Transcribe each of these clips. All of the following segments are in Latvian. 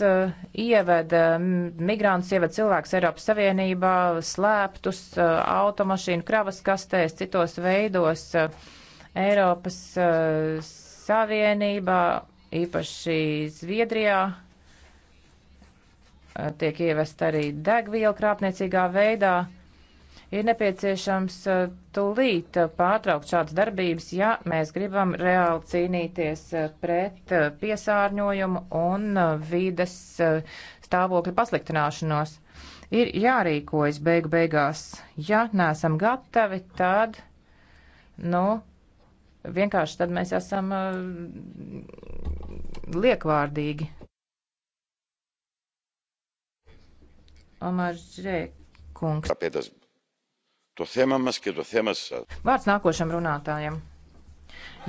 Eh, ieveda eh, migrantus, ieveda cilvēkus Eiropas Savienībā, slēptus eh, automašīnu kravas kastēs, citos veidos Eiropas Savienībā, īpaši Zviedrijā, tiek ievest arī degviela krāpniecīgā veidā. Ir nepieciešams eh, tūlīt eh, pārtraukt šādas darbības, ja mēs gribam reāli cīnīties eh, pret piesārņojumu un vides stāvokļa pasliktināšanos. Ir jārīkojas beigu beigās. Ja neesam gatavi, tad, nu, vienkārši tad mēs esam liekvārdīgi. Omar Žē, kungs. Το θέμα μας και το θέμα σας. Vārds nākošam runātājam.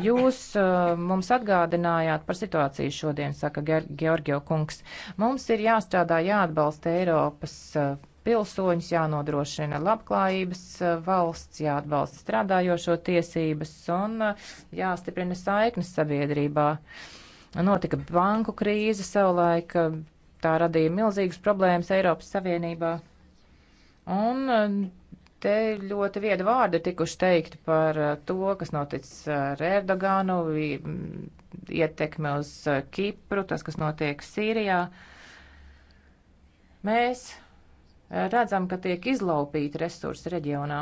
Jūs uh, mums atgādinājāt par situāciju šodien, saka Georgio kungs. Mums ir jāstrādā, jāatbalsta Eiropas uh, pilsoņus, jānodrošina labklājības uh, valsts, jāatbalsta strādājošo tiesības un uh, jāstiprina saiknes sabiedrībā. Notika banku krīze savulaik, uh, tā radīja milzīgas problēmas Eiropas Savienībā. Un Te ļoti viedi vārdi tikuši teikti par eh, to, kas noticis eh, ar Erdoganu, mm, ietekme uz eh, Kipru, tas, kas notiek Sīrijā. Mēs redzam, ka tiek izlaupīti resursi reģionā.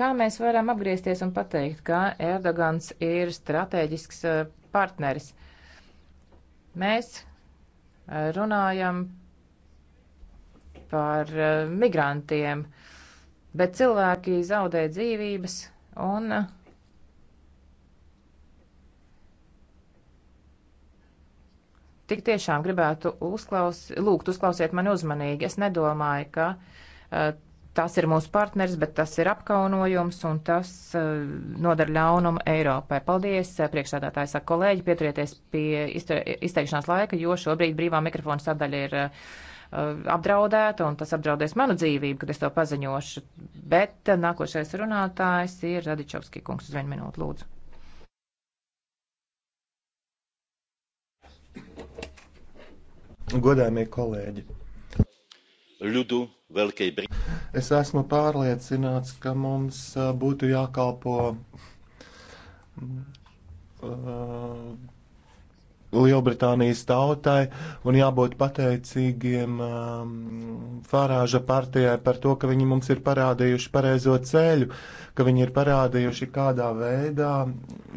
Kā mēs varam apgriezties un pateikt, ka Erdogans ir strateģisks partneris? Mēs runājam par eh, migrantiem, bet cilvēki zaudē dzīvības un eh, tik tiešām gribētu uzklaus, lūgt uzklausiet mani uzmanīgi. Es nedomāju, ka uh, tas ir mūsu partners, bet tas ir apkaunojums un tas uh, nodara ļaunumu Eiropai. Paldies, priekšsādātāji, saka kolēģi, pieturieties pie izteikšanās laika, jo šobrīd brīvā mikrofona sadaļa ir. Uh, Eh, apdraudēta, un tas apdraudēs manu dzīvību, kad es to paziņošu. Bet eh, nākošais runātājs ir Radičovski kungs uz vienu minūtu lūdzu. Godājumie kolēģi! Ļudu Velkei Britānijai. Es esmu pārliecināts, ka mums eh, būtu jākalpo uh, Lielbritānijas tautai un jābūt pateicīgiem um, Farāža partijai par to, ka viņi mums ir parādījuši pareizo ceļu, ka viņi ir parādījuši, kādā veidā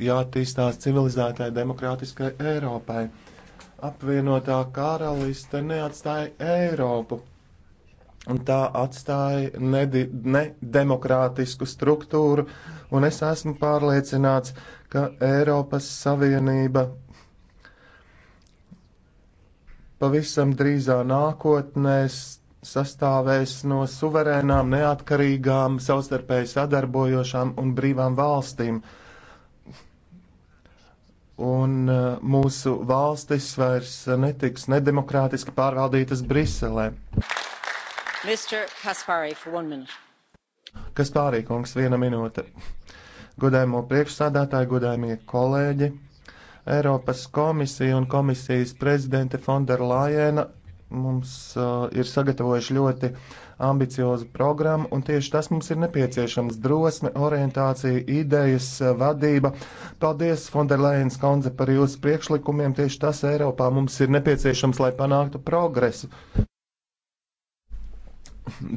jātīstās civilizētai demokrātiskai Eiropai. Apvienotā karaliste neatstāja Eiropu, un tā atstāja nedemokrātisku ne struktūru, un es esmu pārliecināts, ka Eiropas Savienība pavisam drīzā nākotnē sastāvēs no suverēnām, neatkarīgām, savstarpēji sadarbojošām un brīvām valstīm. Un eh, mūsu valstis vairs netiks nedemokrātiski pārvaldītas Briselē. Kas pārī, kungs, viena minūte. Godājumo priekšsādātāji, godājumie kolēģi. Eiropas komisija un komisijas prezidente Fonderlajena mums uh, ir sagatavojuši ļoti ambiciozu programmu, un tieši tas mums ir nepieciešams - drosme, orientācija, idejas, uh, vadība. Paldies, Fonderlajens Konze, par jūsu priekšlikumiem. Tieši tas Eiropā mums ir nepieciešams, lai panāktu progresu.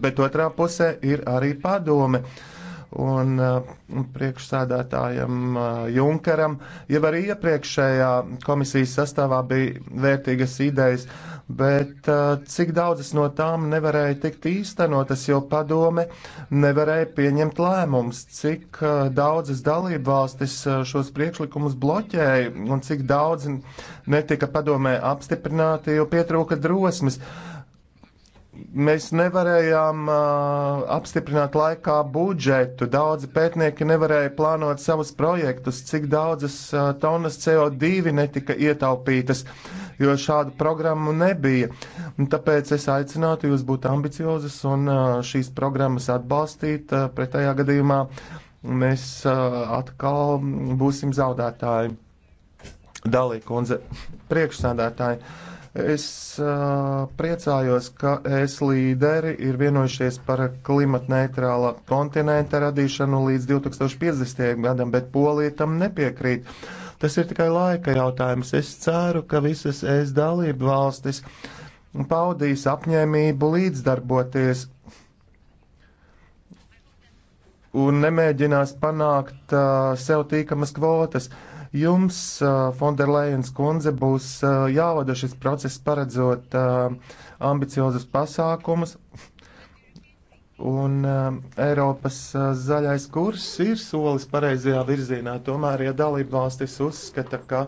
Bet otrā pusē ir arī padome. Uh, un uh, priekšsēdētājam uh, Junkaram, jau arī iepriekšējā komisijas sastāvā bija vērtīgas idejas, bet uh, cik daudzas no tām nevarēja tikt īstenotas, jo padome nevarēja pieņemt lēmums, cik daudzas dalību valstis šos priekšlikumus bloķēja un cik daudz netika padomē apstiprināti, jo pietrūka drosmes. Uh, mēs nevarējām uh, apstiprināt laikā budžetu. Daudzi pētnieki nevarēja plānot savus projektus, cik daudzas uh, tonnas CO2 netika ietaupītas, jo šādu programmu nebija. Un tāpēc es aicinātu jūs būt ambiciozas un uh, šīs programmas atbalstīt. Uh, pretējā gadījumā mēs uh, atkal būsim zaudētāji. Dalīkundze, priekšsādātāji. Uh, Es uh, priecājos, ka es līderi ir vienojušies par klimatneitrāla kontinenta radīšanu līdz 2050. gadam, bet Polija tam nepiekrīt. Tas ir tikai laika jautājums. Es ceru, ka visas es dalību valstis paudīs apņēmību līdzdarboties un nemēģinās panākt uh, sev tīkamas kvotas. Uh, Jums, Fonderlejens kundze, būs jāvada šis process paredzot ambiciozus pasākumus. Un uh, Eiropas uh, zaļais kurs ir solis pareizajā virzienā. Tomēr, ja dalība valstis uzskata, ka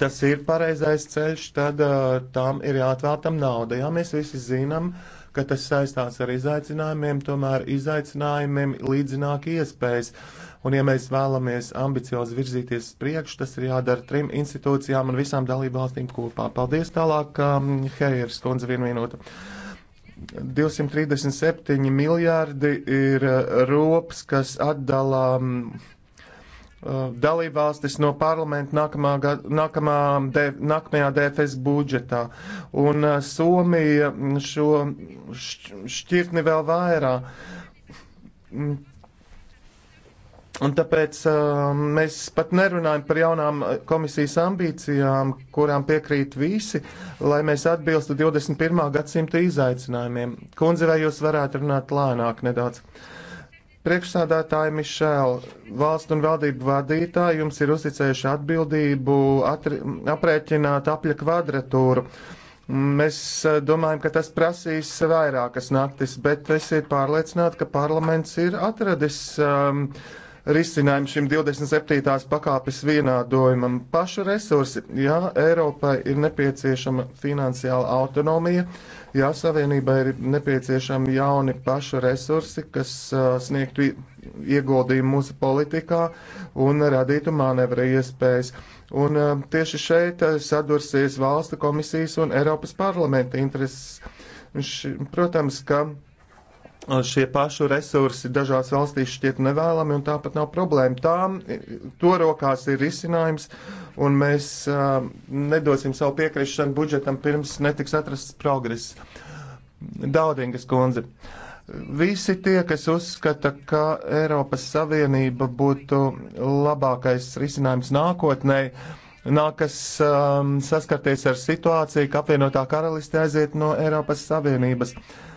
tas ir pareizais ceļš, tad uh, tām ir jāatvēl tam nauda. Ja mēs visi zinām, uh, ka tas saistās ar izaicinājumiem, tomēr izaicinājumiem līdzināk iespējas. Un, ja mēs vēlamies ambiciozi virzīties priekš, tas ir jādara trim institūcijām un visām dalībvalstīm kopā. Paldies tālāk, um, Heijers, kundze, vienu minūtu. 237 miljārdi ir uh, rops, kas atdalām. Um, Uh, dalībvalstis no parlamenta nākamā, gada, nākamā, de, nākamajā DFS budžetā. Un uh, Somija šo šķirtni vēl vairāk. Mm. Un tāpēc uh, mēs pat nerunājam par jaunām uh, komisijas ambīcijām, kurām piekrīt visi, lai mēs atbilstu 21. gadsimta izaicinājumiem. Kundze, vai jūs varētu runāt lēnāk nedaudz? Uh, Priekšsādātāji Mišēl, valsts un valdību vadītāji jums ir uzticējuši atbildību atri, aprēķināt apļa kvadratūru. Mēs eh, domājam, ka tas prasīs vairākas naktis, bet esiet pārliecināti, ka parlaments ir atradis um, risinājumu šim 27. pakāpes vienādojumam. Pašu resursi, jā, Eiropai ir nepieciešama finansiāla autonomija, Jā, Savienībai ir nepieciešami jauni pašu resursi, kas uh, sniegtu ieguldījumu mūsu politikā un radītu manevra iespējas. Un uh, tieši šeit uh, sadursies valstu komisijas un Eiropas parlamenta intereses. Š, protams, ka uh, šie pašu resursi dažās valstīs šķiet nevēlami, un tāpat nav problēma. Tām to rokās ir risinājums, un mēs uh, nedosim savu piekrišanu budžetam, pirms netiks atrasts progress. Daudingas kundze. Visi tie, kas uzskata, ka Eiropas Savienība būtu labākais risinājums nākotnē, nākas um, saskarties ar situāciju, ka apvienotā karaliste aiziet no Eiropas Savienības. Uh,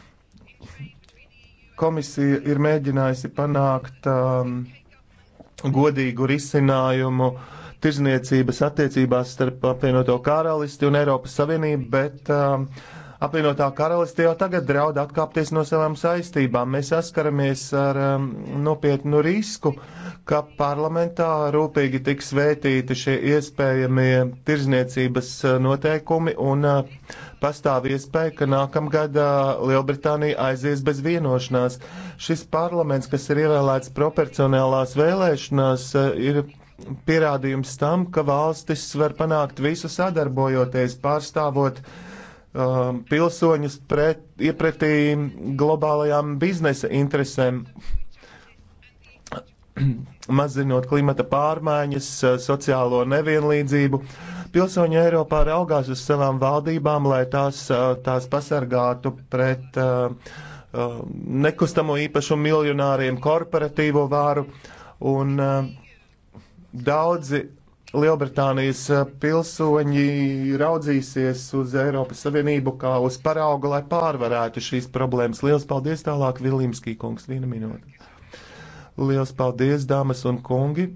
Komisija ir mēģinājusi panākt um, godīgu risinājumu tirzniecības attiecībās starp apvienoto karalisti un Eiropas Savienību, bet um, uh, Apvienotā karaliste jau tagad draud atkāpties no savām saistībām. Mēs saskaramies ar um, nopietnu risku, ka parlamentā rūpīgi tiks vētīti šie iespējamie tirzniecības uh, noteikumi un uh, pastāv iespēja, ka nākamgad uh, Lielbritānija aizies bez vienošanās. Šis parlaments, kas ir ievēlēts proporcionālās vēlēšanās, uh, ir pierādījums tam, ka valstis var panākt visu sadarbojoties, pārstāvot uh, um, pilsoņus pret, iepretī globālajām biznesa interesēm, mazinot klimata pārmaiņas, uh, sociālo nevienlīdzību. Pilsoņi Eiropā raugās uz savām valdībām, lai tās, uh, tās pasargātu pret uh, uh, nekustamo īpašumu miljonāriem korporatīvo vāru. Un, uh, Daudzi Lielbritānijas eh, pilsoņi raudzīsies uz Eiropas Savienību kā uz paraugu, lai pārvarētu šīs problēmas. Lielas paldies tālāk, Vilimskī kungs, viena minūte. Lielas paldies, dāmas un kungi.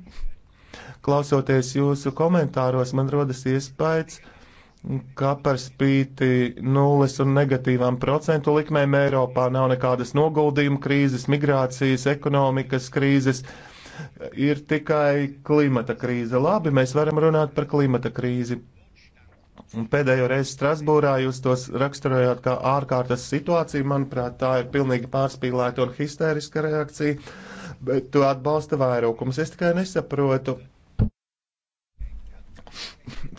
Klausoties jūsu komentāros, man rodas iespējas, ka par spīti nulles un negatīvām procentu likmēm Eiropā nav nekādas noguldījuma krīzes, migrācijas, ekonomikas krīzes. Uh, ir tikai klimata krīze. Labi, mēs varam runāt par klimata krīzi. Pēdējo reizi Strasbūrā jūs tos raksturojāt kā ārkārtas situāciju. Manuprāt, tā ir pilnīgi pārspīlēta un histēriska reakcija, bet to atbalsta vairākums. Es tikai nesaprotu,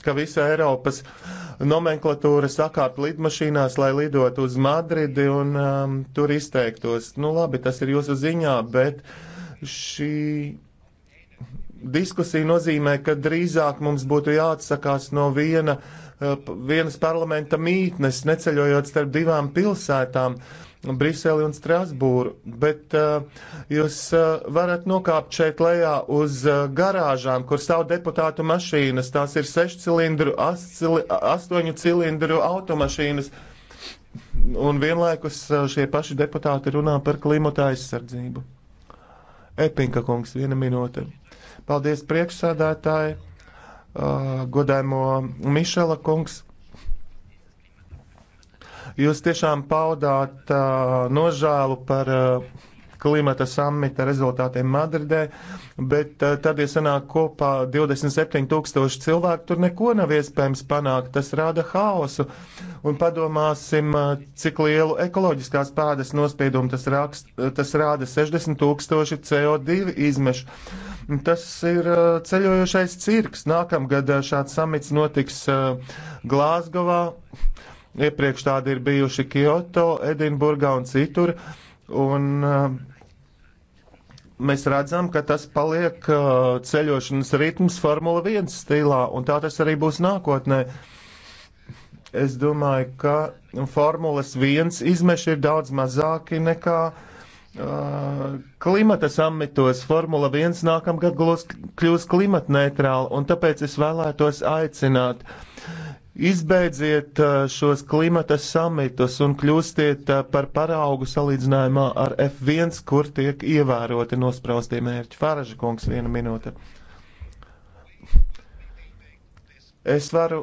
ka visa Eiropas nomenklatūra sakārt lidmašīnās, lai lidot uz Madridi un um, tur izteiktos. Nu labi, tas ir jūsu ziņā, bet. Uh, Šī diskusija nozīmē, ka drīzāk mums būtu jāatsakās no viena, eh, vienas parlamenta mītnes, neceļojot starp divām pilsētām. Briseli un Strasbūru, bet uh, jūs uh, varat nokāpt šeit lejā uz uh, garāžām, kur stāv deputātu mašīnas. Tās ir sešu cilindru, ascili, astoņu cilindru automašīnas. Un vienlaikus uh, šie paši deputāti runā par klimata aizsardzību. Epinka kungs, viena minūte. Paldies priekšsādātāji, uh, godājumo Mišela kungs. Jūs tiešām paudāt uh, nožēlu par uh, klimata samita rezultātiem Madridē, bet eh, tad, ja sanāk kopā 27 tūkstoši cilvēku, tur neko nav iespējams panākt. Tas rada haosu. Un padomāsim, eh, cik lielu ekoloģiskās pēdas nospiedumu tas, rakst, eh, tas rāda 60 tūkstoši CO2 izmešu. Tas ir ceļojošais cirks. Nākamgad šāds samits notiks Glāzgovā. Iepriekš tādi ir bijuši Kyoto, Edinburgā un citur. Un, uh, mēs redzam, ka tas paliek uh, ceļošanas ritms Formula 1 stilā, un tā tas arī būs nākotnē. Es domāju, ka Formulas 1 izmeši ir daudz mazāki nekā uh, klimata samitos. Formula 1 nākamgad kļūs klimatneitrāla, un tāpēc es vēlētos aicināt Izbeidziet uh, šos klimata samitus un kļūstiet uh, par paraugu salīdzinājumā ar F1, kur tiek ievēroti nospraustie mērķi. Fāraža kungs, viena minūte. Es varu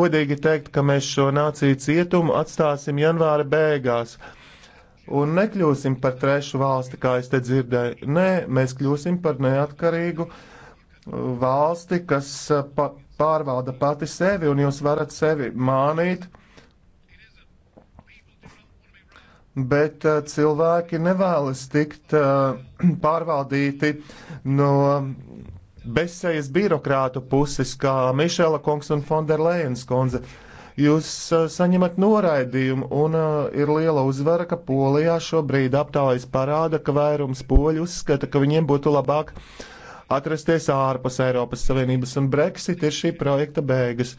godīgi teikt, ka mēs šo nāciju cietumu atstāsim janvāra beigās un nekļūsim par trešu valsti, kā es te dzirdēju. Nē, mēs kļūsim par neatkarīgu valsti, kas uh, pa pārvalda pati sevi, un jūs varat sevi mānīt, bet uh, cilvēki nevēlas tikt uh, pārvaldīti no bezsejas birokrātu puses, kā Mišela kungs un Fonderlejens kundze. Jūs uh, saņemat noraidījumu, un uh, ir liela uzvara, ka Polijā šobrīd aptaujas parāda, ka vairums poļu uzskata, ka viņiem būtu labāk uh, atrasties ārpus Eiropas Savienības, un Brexit ir šī projekta beigas.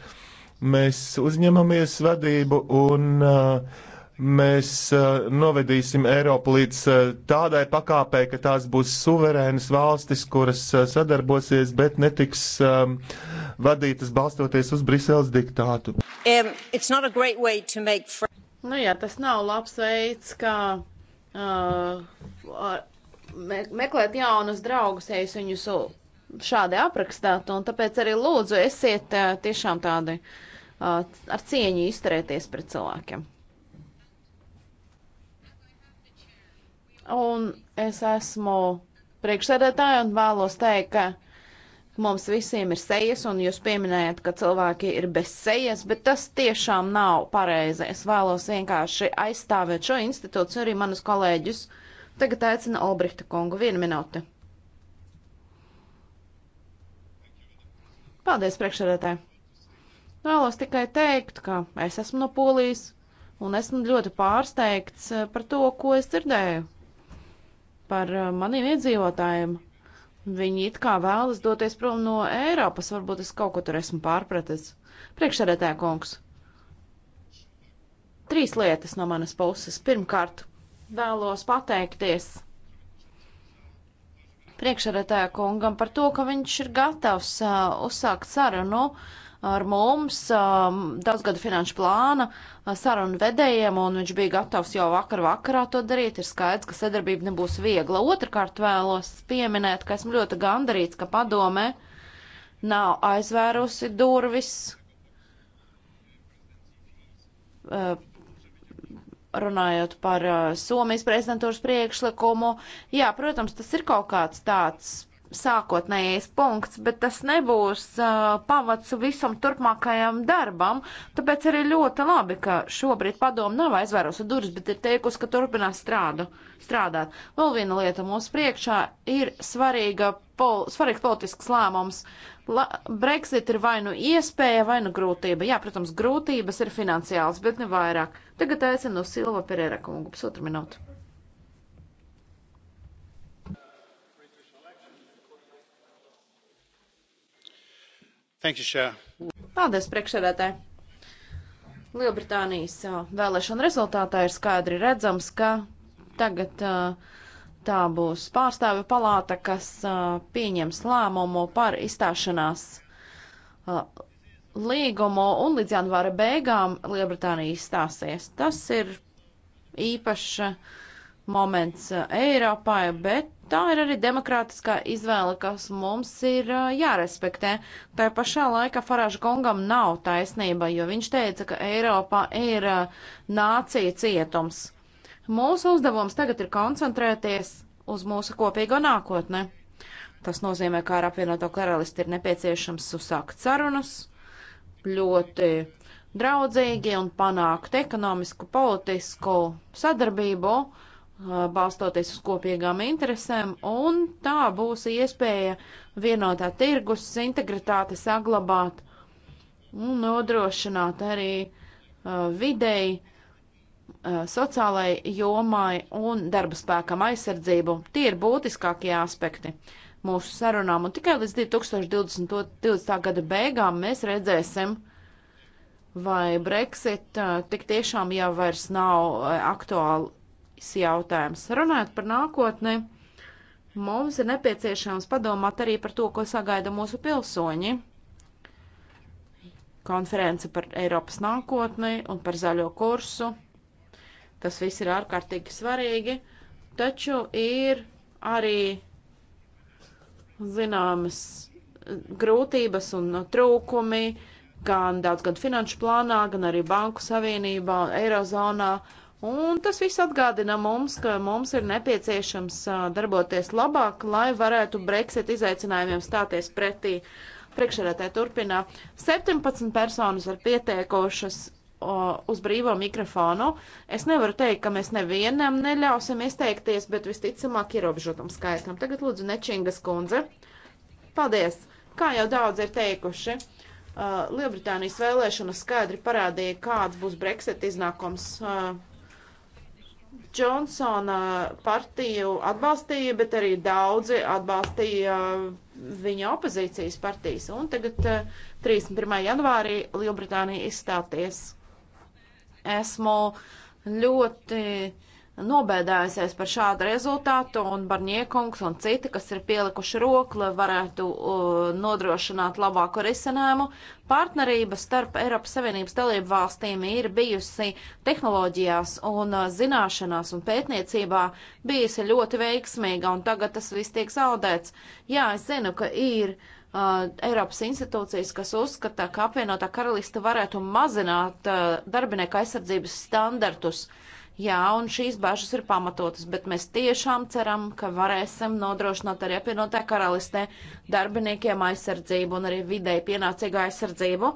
Mēs uzņemamies vadību un uh, mēs uh, novedīsim Eiropu līdz uh, tādai pakāpei, ka tās būs suverēnas valstis, kuras uh, sadarbosies, bet netiks um, vadītas balstoties uz Briseles diktātu. Um, make... Nu jā, tas nav labs veids, kā uh, me meklēt jaunus draugus, ja es viņus šādi aprakstātu, un tāpēc arī lūdzu esiet eh, tiešām tādi eh, ar cieņu izturēties pret cilvēkiem. Un es esmu priekšsēdētāja un vēlos teikt, ka mums visiem ir sejas, un jūs pieminējat, ka cilvēki ir bez sejas, bet tas tiešām nav pareizi. Es vēlos vienkārši aizstāvēt šo institūciju arī manus kolēģus. Uh, Tagad aicina Albrihta kungu. Vienu minūti. Paldies, priekšsēdētāji. Vēlos tikai teikt, ka es esmu no Polijas un esmu ļoti pārsteigts eh, par to, ko es dzirdēju par eh, maniem iedzīvotājiem. Viņi it kā vēlas doties prom no Eiropas, varbūt es kaut ko tur esmu pārpratis. Priekšsēdētāja kungs. Trīs lietas no manas puses. Pirmkārt, vēlos pateikties priekšsēdētāja kungam par to, ka viņš ir gatavs uh, uzsākt sarunu ar mums um, daudzgada finanšu plāna uh, sarunu vedējiem, un viņš bija gatavs jau vakar vakarā to darīt. Ir skaidrs, ka sadarbība nebūs viegla. Otrakārt vēlos pieminēt, ka esmu ļoti gandarīts, ka padome nav aizvērusi durvis. Uh, runājot par uh, Somijas prezidentūras priekšlikumu, jā, protams, tas ir kaut kāds tāds sākotnējais punkts, bet tas nebūs uh, pamats visam turpmākajam darbam. Tāpēc arī ļoti labi, ka šobrīd padomu nav aizvērusi durvis, bet ir teikusi, ka turpinās strādu, strādāt. Vēl viena lieta mūsu priekšā ir svarīga, pol, svarīgs politisks lēmums. La, Brexit ir vai nu iespēja, vai nu grūtība. Jā, protams, grūtības ir finansiāls, bet ne vairāk. Tagad aicinu Silva Pereira kungu pusotru minūtu. You, Paldies, priekšsēdētāji! Lielbritānijas vēlēšana rezultātā ir skaidri redzams, ka tagad tā būs pārstāvju palāta, kas pieņems lēmumu par izstāšanās līgumu un līdz janvāra beigām Lielbritānija izstāsies. Tas ir īpašs moments uh, Eiropai, bet tā ir arī demokrātiskā izvēle, kas mums ir uh, jārespektē. Tā pašā laikā Farāža kungam nav taisnība, jo viņš teica, ka Eiropā ir uh, nācija cietums. Mūsu uzdevums tagad ir koncentrēties uz mūsu kopīgo nākotni. Tas nozīmē, ka ar apvienoto karalisti ir nepieciešams uzsākt sarunas ļoti draudzīgi un panākt ekonomisku, politisku sadarbību balstoties uz kopīgām interesēm, un tā būs iespēja vienotā tirgus integritāte saglabāt un nodrošināt arī uh, videi, uh, sociālai jomai un darba spēkam aizsardzību. Tie ir būtiskākie aspekti mūsu sarunām, un tikai līdz 2020. gada beigām mēs redzēsim, vai Brexit uh, tik tiešām jau vairs nav aktuāli jautājums. Runājot par nākotni, mums ir nepieciešams padomāt arī par to, ko sagaida mūsu pilsoņi. Konference par Eiropas nākotni un par zaļo kursu. Tas viss ir ārkārtīgi svarīgi, taču ir arī zināmas grūtības un trūkumi gan daudz gan finanšu plānā, gan arī banku savienībā un eirozonā. Uh, Un tas viss atgādina mums, ka mums ir nepieciešams darboties labāk, lai varētu Brexit izaicinājumiem stāties pretī. Priekšsēdētāji turpina 17 personas ir pieteikušas o, uz brīvo mikrofonu. Es nevaru teikt, ka mēs nevienam neļausim izteikties, bet visticamāk ierobežotam skaitam. Tagad lūdzu Nečingas kundze. Paldies! Kā jau daudz ir teikuši, uh, Lielbritānijas vēlēšanas skaidri parādīja, kāds būs Brexit iznākums. Uh, Džonsona partiju atbalstīja, bet arī daudzi atbalstīja viņa opozīcijas partijas. Un tagad 31. Eh, janvārī Lielbritānija izstāties. Esmu ļoti uh, nobēdājusies par šādu rezultātu, un Barņiekungs un citi, kas ir pielikuši roku, lai varētu uh, nodrošināt labāku risinājumu, partnerība starp Eiropas Savienības dalību valstīm ir bijusi tehnoloģijās un uh, zināšanās un pētniecībā bijusi ļoti veiksmīga, un tagad tas viss tiek zaudēts. Jā, es zinu, ka ir. Uh, Eiropas institūcijas, kas uzskata, ka apvienotā karalista varētu mazināt uh, darbinieku aizsardzības standartus. Uh, Jā, un šīs bažas ir pamatotas, bet mēs tiešām ceram, ka varēsim nodrošināt arī apvienotā karalistē darbiniekiem aizsardzību un arī vidēji pienācīgu aizsardzību.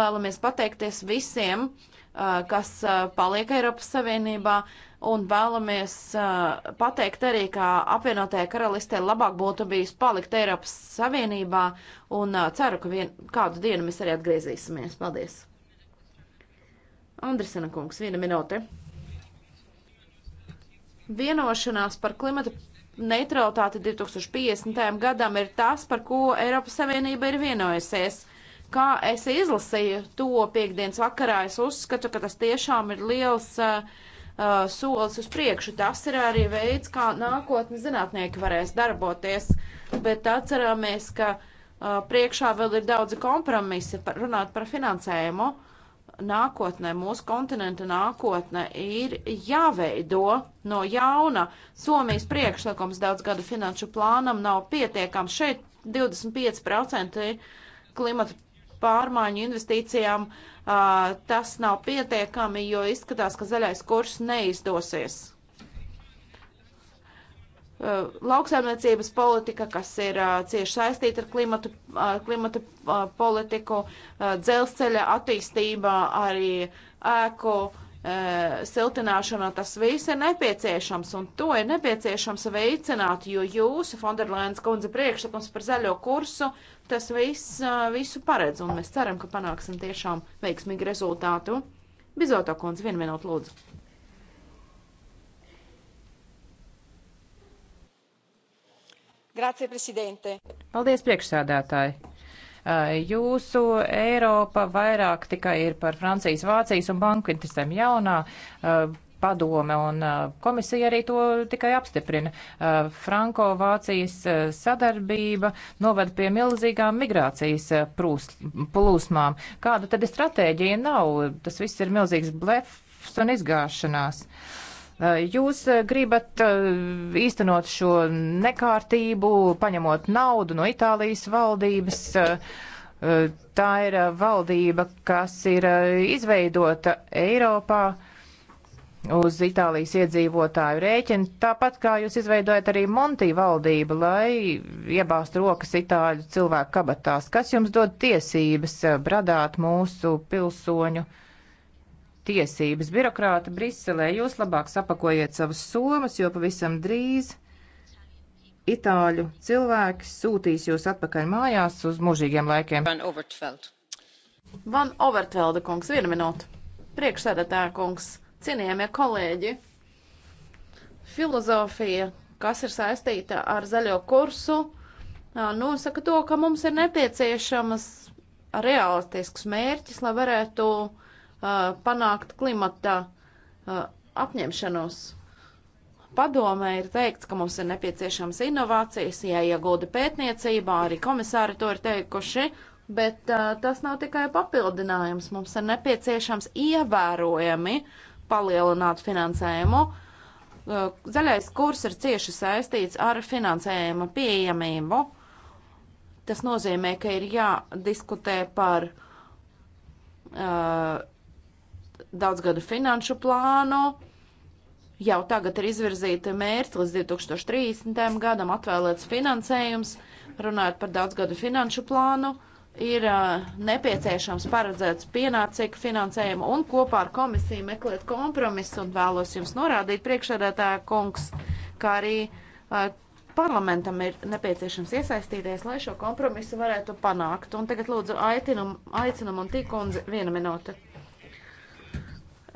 Vēlamies pateikties visiem, kas paliek Eiropas Savienībā, un vēlamies pateikt arī, ka apvienotajā karalistē labāk būtu bijis palikt Eiropas Savienībā, un ceru, ka vien, kādu dienu mēs arī atgriezīsimies. Paldies! Andrisena kungs, viena minūte. Vienošanās par klimata neutralitāti 2050. gadam ir tas, par ko Eiropas Savienība ir vienojusies. Kā es izlasīju to piekdienas vakarā, es uzskatu, ka tas tiešām ir liels uh, uh, solis uz priekšu. Tas ir arī veids, kā nākotnes zinātnieki varēs darboties, bet atcerāmies, ka uh, priekšā vēl ir daudzi kompromisi par, runāt par finansējumu. Uh, nākotnē, mūsu kontinenta nākotne ir jāveido no jauna. Somijas priekšlikums daudz gadu finanšu plānam nav pietiekams. Šeit 25% klimata pārmaiņu investīcijām uh, tas nav pietiekami, jo izskatās, ka zaļais kurs neizdosies. Eh, lauksaimniecības politika, kas ir eh, cieši saistīta ar klimatu, klimatu eh, politiku, dzelzceļa attīstība, arī ēku siltināšana, tas viss ir nepieciešams, un to ir nepieciešams veicināt, jo jūsu Fonderlēns kundze priekšlikums par zaļo kursu, tas viss visu paredz, un mēs ceram, ka panāksim tiešām veiksmīgu rezultātu. Bizoto kundze, vienu minūtu lūdzu. Grazie, prezidente. Paldies, priekšsēdētāji. Jūsu Eiropa vairāk tikai ir par Francijas, Vācijas un banku interesēm jaunā padome un komisija arī to tikai apstiprina. Franko-Vācijas sadarbība novada pie milzīgām migrācijas plūsmām. Kāda tad ir stratēģija? Nav. Tas viss ir milzīgs blefs un izgāšanās. Uh, Eh, jūs eh, gribat eh, īstenot šo nekārtību, paņemot naudu no Itālijas valdības. Tā ir valdība, kas ir izveidota Eiropā uz Itālijas iedzīvotāju rēķinu, tāpat kā jūs izveidojat arī Monti valdību, lai iebāzt rokas itāļu cilvēku kabatās. Kas jums dod tiesības bradāt mūsu pilsoņu? Uh, tiesības. Birokrāti Briselē, jūs labāk sapakojiet savas somas, jo pavisam drīz itāļu cilvēki sūtīs jūs atpakaļ mājās uz mūžīgiem laikiem. Van Overtveld. Van Overtvelda kungs, viena minūte. Priekšsēdētāja kungs, cienījamie kolēģi, filozofija, kas ir saistīta ar zaļo kursu, nosaka to, ka mums ir nepieciešamas realistisks mērķis, lai varētu uh, panākt klimata apņemšanos. Padomē ir teikts, ka mums ir nepieciešams inovācijas, jāiegulda pētniecībā, arī komisāri to ir teikuši, bet uh, tas nav tikai papildinājums. Mums ir nepieciešams ievērojami palielināt finansējumu. Uh, zaļais kurs ir cieši saistīts ar finansējuma pieejamību. Tas nozīmē, ka ir jādiskutē par uh, daudzgada finanšu plānu. Jau tagad ir izvirzīti mērķi līdz 2030. gadam atvēlēts finansējums, runājot par daudzgadu finanšu plānu, ir uh, nepieciešams paredzēts pienācīgu finansējumu un kopā ar komisiju meklēt kompromisu un vēlos jums norādīt priekšsēdētāja kungs, kā arī uh, parlamentam ir nepieciešams iesaistīties, lai šo kompromisu varētu panākt. Un tagad lūdzu aicinam, aicinam un tīkundzi viena minūte.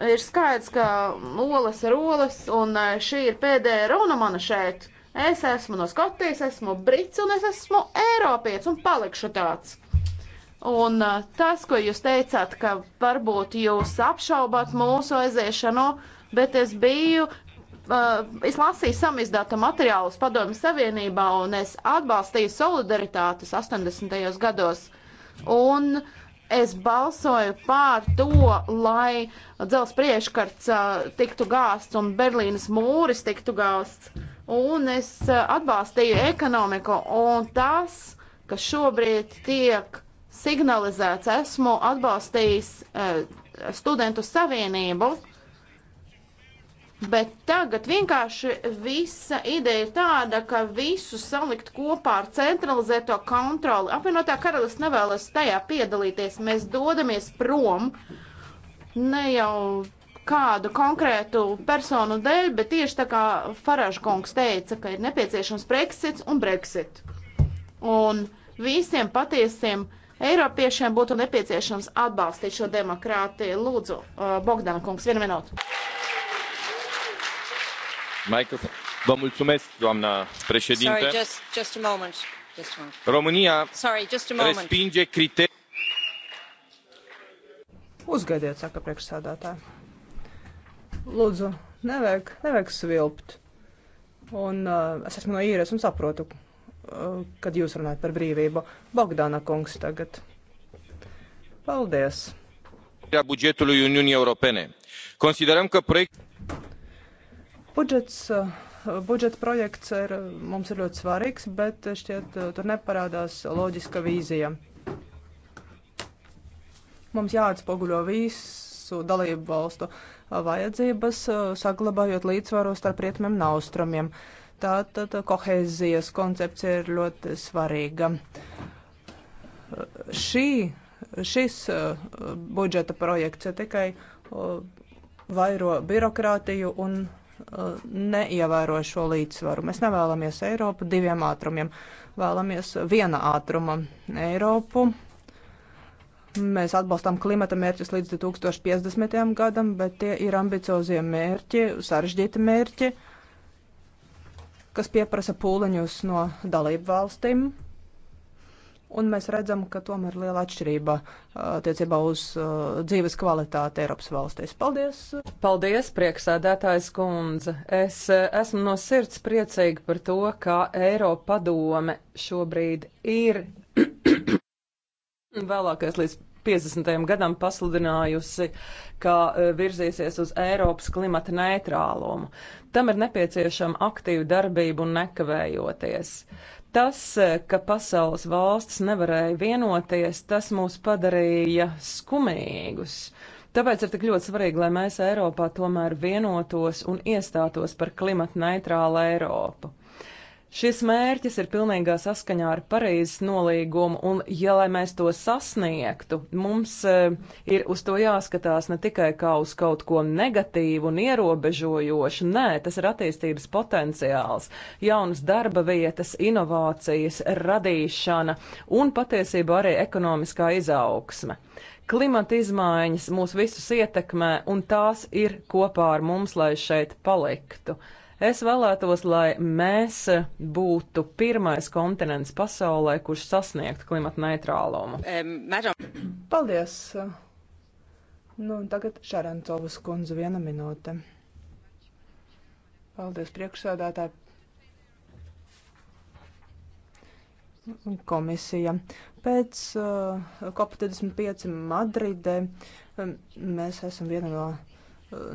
Ir skaidrs, ka olas ir olas, un eh, šī ir pēdējā runa mana šeit. Es esmu no Skotijas, esmu brits, un es esmu Eiropietis, un palikšu tāds. Un eh, tas, ko jūs teicāt, ka varbūt jūs apšaubāt mūsu aiziešanu, bet es biju, uh, es lasīju samizdāta materiālus padomju savienībā un es atbalstīju solidaritātes 80. gados. Un uh, Es balsoju pār to, lai dzels prieškarts uh, tiktu gāsts un Berlīnas mūris tiktu gāsts. Un es uh, atbalstīju ekonomiku un tas, kas šobrīd tiek signalizēts, esmu atbalstījis uh, studentu savienību Bet tagad vienkārši visa ideja ir tāda, ka visu salikt kopā ar centralizēto kontroli. Apvienotā karalis nevēlas tajā piedalīties. Mēs dodamies prom ne jau kādu konkrētu personu dēļ, bet tieši tā kā Faražkungs teica, ka ir nepieciešams Brexits un Brexit. Un visiem patiesiem Eiropiešiem būtu nepieciešams atbalstīt šo demokrātiju. Lūdzu, uh, Bogdana kungs, vienu minūtu doamnă președintă românia respinge criteriile. Uzgaidiet, saka priekšsēdētāji. Lūdzu, nevajag, nevajag svilpt. Un uh, es esmu no īres un saprotu, uh, kad jūs runājat par brīvību. Bogdāna kungs tagad. Paldies. Budžetului Uniunii Europene. Considerăm că proiect Budžets, eh, budžeta projekts ir, eh, mums ir ļoti svarīgs, bet eh, šķiet, tur neparādās loģiska vīzija. Mums jāatspoguļo visu dalību valstu vajadzības, saglabājot līdzsvaru starp rietumiem un austrumiem. Tātad kohēzijas koncepcija ir ļoti svarīga. Šī, šis budžeta projekts ir tikai vairo birokrātiju un neievēro šo līdzsvaru. Mēs nevēlamies Eiropu diviem ātrumiem, vēlamies viena ātruma Eiropu. Mēs atbalstām klimata mērķus līdz 2050. gadam, bet tie ir ambiciozie mērķi, sarežģīti mērķi, kas pieprasa pūliņus no dalību valstīm un mēs redzam, ka tomēr ir liela atšķirība uh, attiecībā uz uh, dzīves kvalitāti Eiropas valstīs. Paldies! Paldies, prieksēdētājs kundze! Es uh, esmu no sirds priecīga par to, ka Eiropa padome šobrīd ir vēlākais līdz 50. gadam pasludinājusi, ka virzīsies uz Eiropas klimata neitrālumu. Tam ir nepieciešama aktīva darbība un nekavējoties. Tas, e, ka pasaules valstis nevarēja vienoties, tas mūs padarīja skumīgus. Tāpēc ir tik ļoti svarīgi, lai mēs Eiropā tomēr vienotos un iestātos par klimatu neitrālu Eiropu. Šis mērķis ir pilnīgā saskaņā ar Parīzes nolīgumu, un, ja lai mēs to sasniegtu, mums e, ir uz to jāskatās ne tikai kā uz kaut ko negatīvu un ierobežojošu, nē, tas ir attīstības potenciāls, jaunas darba vietas, inovācijas, radīšana un patiesībā arī ekonomiskā izaugsme. Klimata izmaiņas mūs visus ietekmē, un tās ir kopā ar mums, lai šeit paliktu. Es vēlētos, lai mēs būtu pirmais kontinents pasaulē, kurš sasniegtu klimata neitrālumu. Paldies! Nu, tagad Šarantovas kundze viena minūte. Paldies priekšsēdētāji. Komisija. Pēc uh, COP25 Madridē um, mēs esam viena no uh,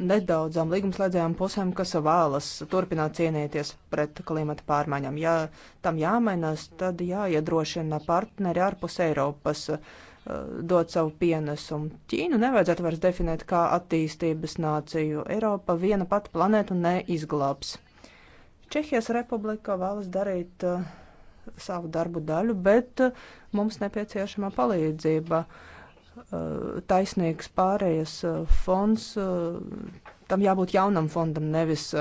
nedaudzām līgumslēdzējām pusēm, kas vēlas turpināt cīnīties pret klimata pārmaiņām. Ja tam jāmainās, tad jāiedrošina partneri ārpus Eiropas uh, dot savu pienesumu. Ķīnu nevajadzētu vairs definēt kā attīstības nāciju. Eiropa viena pati planētu neizglābs. Čehijas republika vēlas darīt uh, savu darbu daļu, bet uh, mums nepieciešama palīdzība. Uh, Eh, taisnīgs pārējas eh, fonds, eh, tam jābūt jaunam fondam, nevis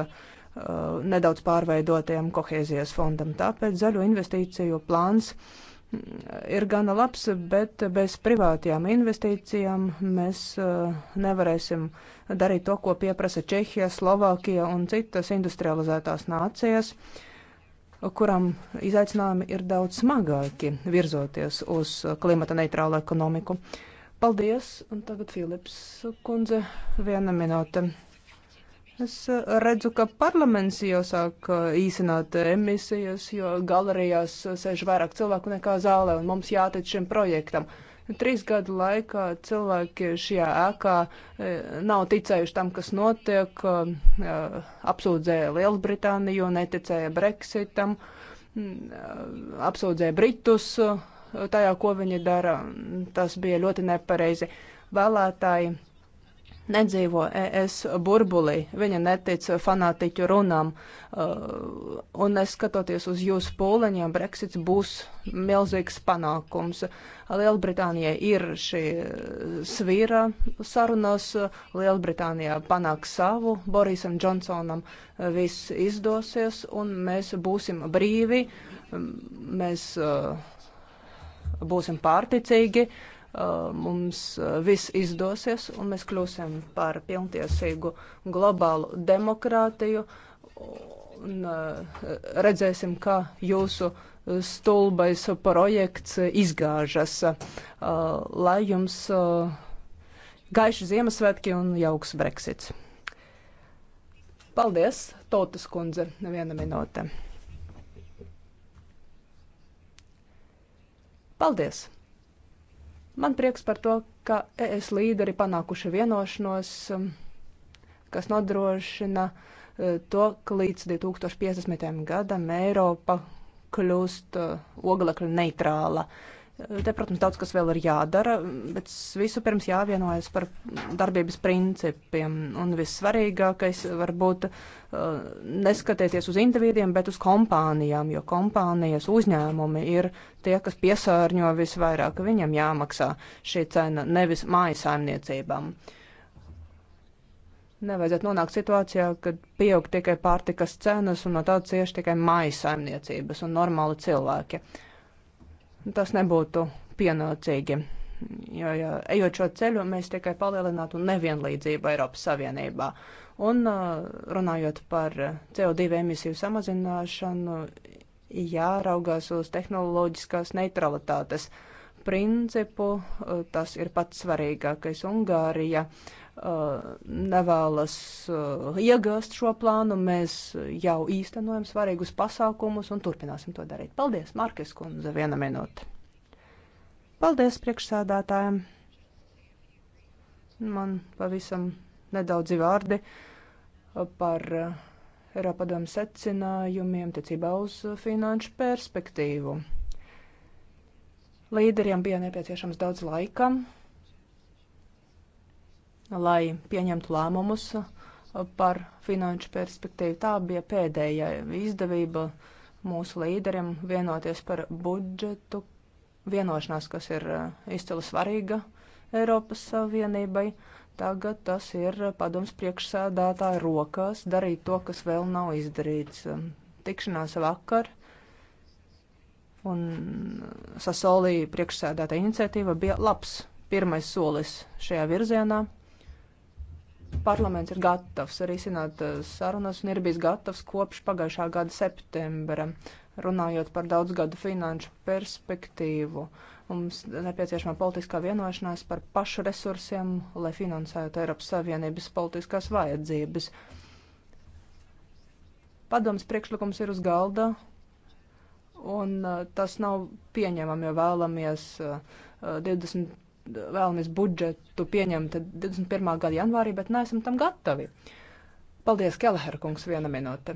nedaudz pārveidotajam kohēzijas fondam. Tāpēc zaļo investīciju plāns mm, ir gana labs, bet bez privātajām investīcijām mēs nevarēsim darīt to, ko pieprasa Čehija, Slovākija un citas industrializētās nācijas kuram izaicinājumi ir daudz smagāki virzoties uz klimata neitrālu ekonomiku. Uh, Paldies, un tagad Filips kundze viena minūte. Es eh, redzu, ka parlaments jau sāk eh, īsināt emisijas, jo galerijās eh, sēž vairāk cilvēku nekā zālē, un mums jātic šim projektam. Trīs gadu laikā cilvēki šajā ēkā nav ticējuši tam, kas notiek, apsūdzēja Lielbritāniju, neticēja Brexitam, mm, apsūdzēja Britus, tajā, ko viņi dara. Tas bija ļoti nepareizi. Vēlētāji nedzīvo ES burbulī, viņa netic fanātiķu runām, uh, un neskatoties uz jūsu pūliņiem, Brexits būs milzīgs panākums. Lielbritānijai ir šī svīra sarunās, Lielbritānijā panāk savu, Borisam Džonsonam viss izdosies, un mēs būsim brīvi, mēs uh, būsim pārticīgi, mums viss izdosies un mēs kļūsim par pilntiesīgu globālu demokrātiju un redzēsim, kā jūsu stulbais projekts izgāžas. Lai jums gaiši Ziemassvētki un jauks Brexits. Paldies, Tautas kundze, viena minūte. Paldies! Man prieks par to, ka ES līderi panākuši vienošanos, um, kas nodrošina uh, to, ka līdz 2050. gadam Eiropa kļūst uh, oglekļa neitrāla. Te, protams, daudz kas vēl ir jādara, bet vispirms jāvienojas par darbības principiem. Un vissvarīgākais var būt uh, neskatieties uz individiem, bet uz kompānijām, jo kompānijas uzņēmumi ir tie, kas piesārņo visvairāk. Viņam jāmaksā šī cena nevis mājasaimniecībām. Nevajadzētu nonākt situācijā, kad pieaug tikai pārtikas cenas un no tā cieši tikai mājasaimniecības un normāli cilvēki. Uh, Tas nebūtu pienācīgi, jo, jo ejot šo ceļu, mēs tikai palielinātu nevienlīdzību Eiropas Savienībā. Un uh, runājot par CO2 emisiju samazināšanu, jāraugās uz tehnoloģiskās neutralitātes principu, uh, tas ir pats svarīgākais Ungārija. Uh, nevēlas uh, iegāst šo plānu. Mēs jau īstenojam svarīgus pasākumus un turpināsim to darīt. Paldies, Markes kundze, viena minūte. Paldies priekšsēdētājiem. Man pavisam nedaudzi vārdi par uh, Eiropadomu secinājumiem ticībā uz finanšu perspektīvu. Līderiem bija nepieciešams daudz laika, lai pieņemtu lēmumus par finanšu perspektīvu. Tā bija pēdējā izdevība mūsu līderiem vienoties par budžetu, vienošanās, kas ir eh, izcili svarīga Eiropas Savienībai. Tagad tas ir padoms priekšsēdētāja rokās darīt to, kas vēl nav izdarīts. Tikšanās vakar un sasolīja priekšsēdētāja iniciatīva bija labs pirmais solis šajā virzienā parlaments ir gatavs arī sināt eh, sarunas un ir bijis gatavs kopš pagājušā gada septembra, runājot par daudzgadu finanšu perspektīvu. Mums nepieciešama politiskā vienošanās par pašu resursiem, lai finansētu Eiropas Savienības politiskās vajadzības. Padoms priekšlikums ir uz galda, un eh, tas nav pieņemami, jo vēlamies 20 eh, vēlamies budžetu pieņemt 21. gada janvārī, bet neesam tam gatavi. Paldies, Kelleher kungs, viena minūte.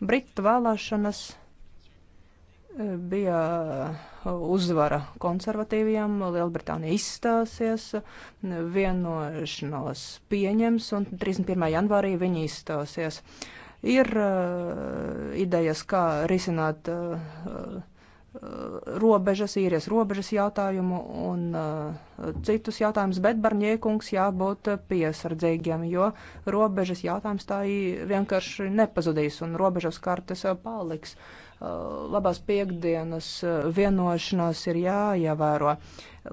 Britu vēlēšanas e, bija uzvara konservatīviem, Lielbritānija izstāsies, vienošanos pieņems un 31. janvārī viņi izstāsies. Ir uh, idejas, kā risināt uh, robežas, īrijas robežas jautājumu un uh, citus jautājumus, bet Barņēkungs jābūt piesardzīgiem, jo robežas jautājums tā vienkārši nepazudīs un robežas kartes paliks. Uh, labās piekdienas uh, vienošanās ir jāievēro,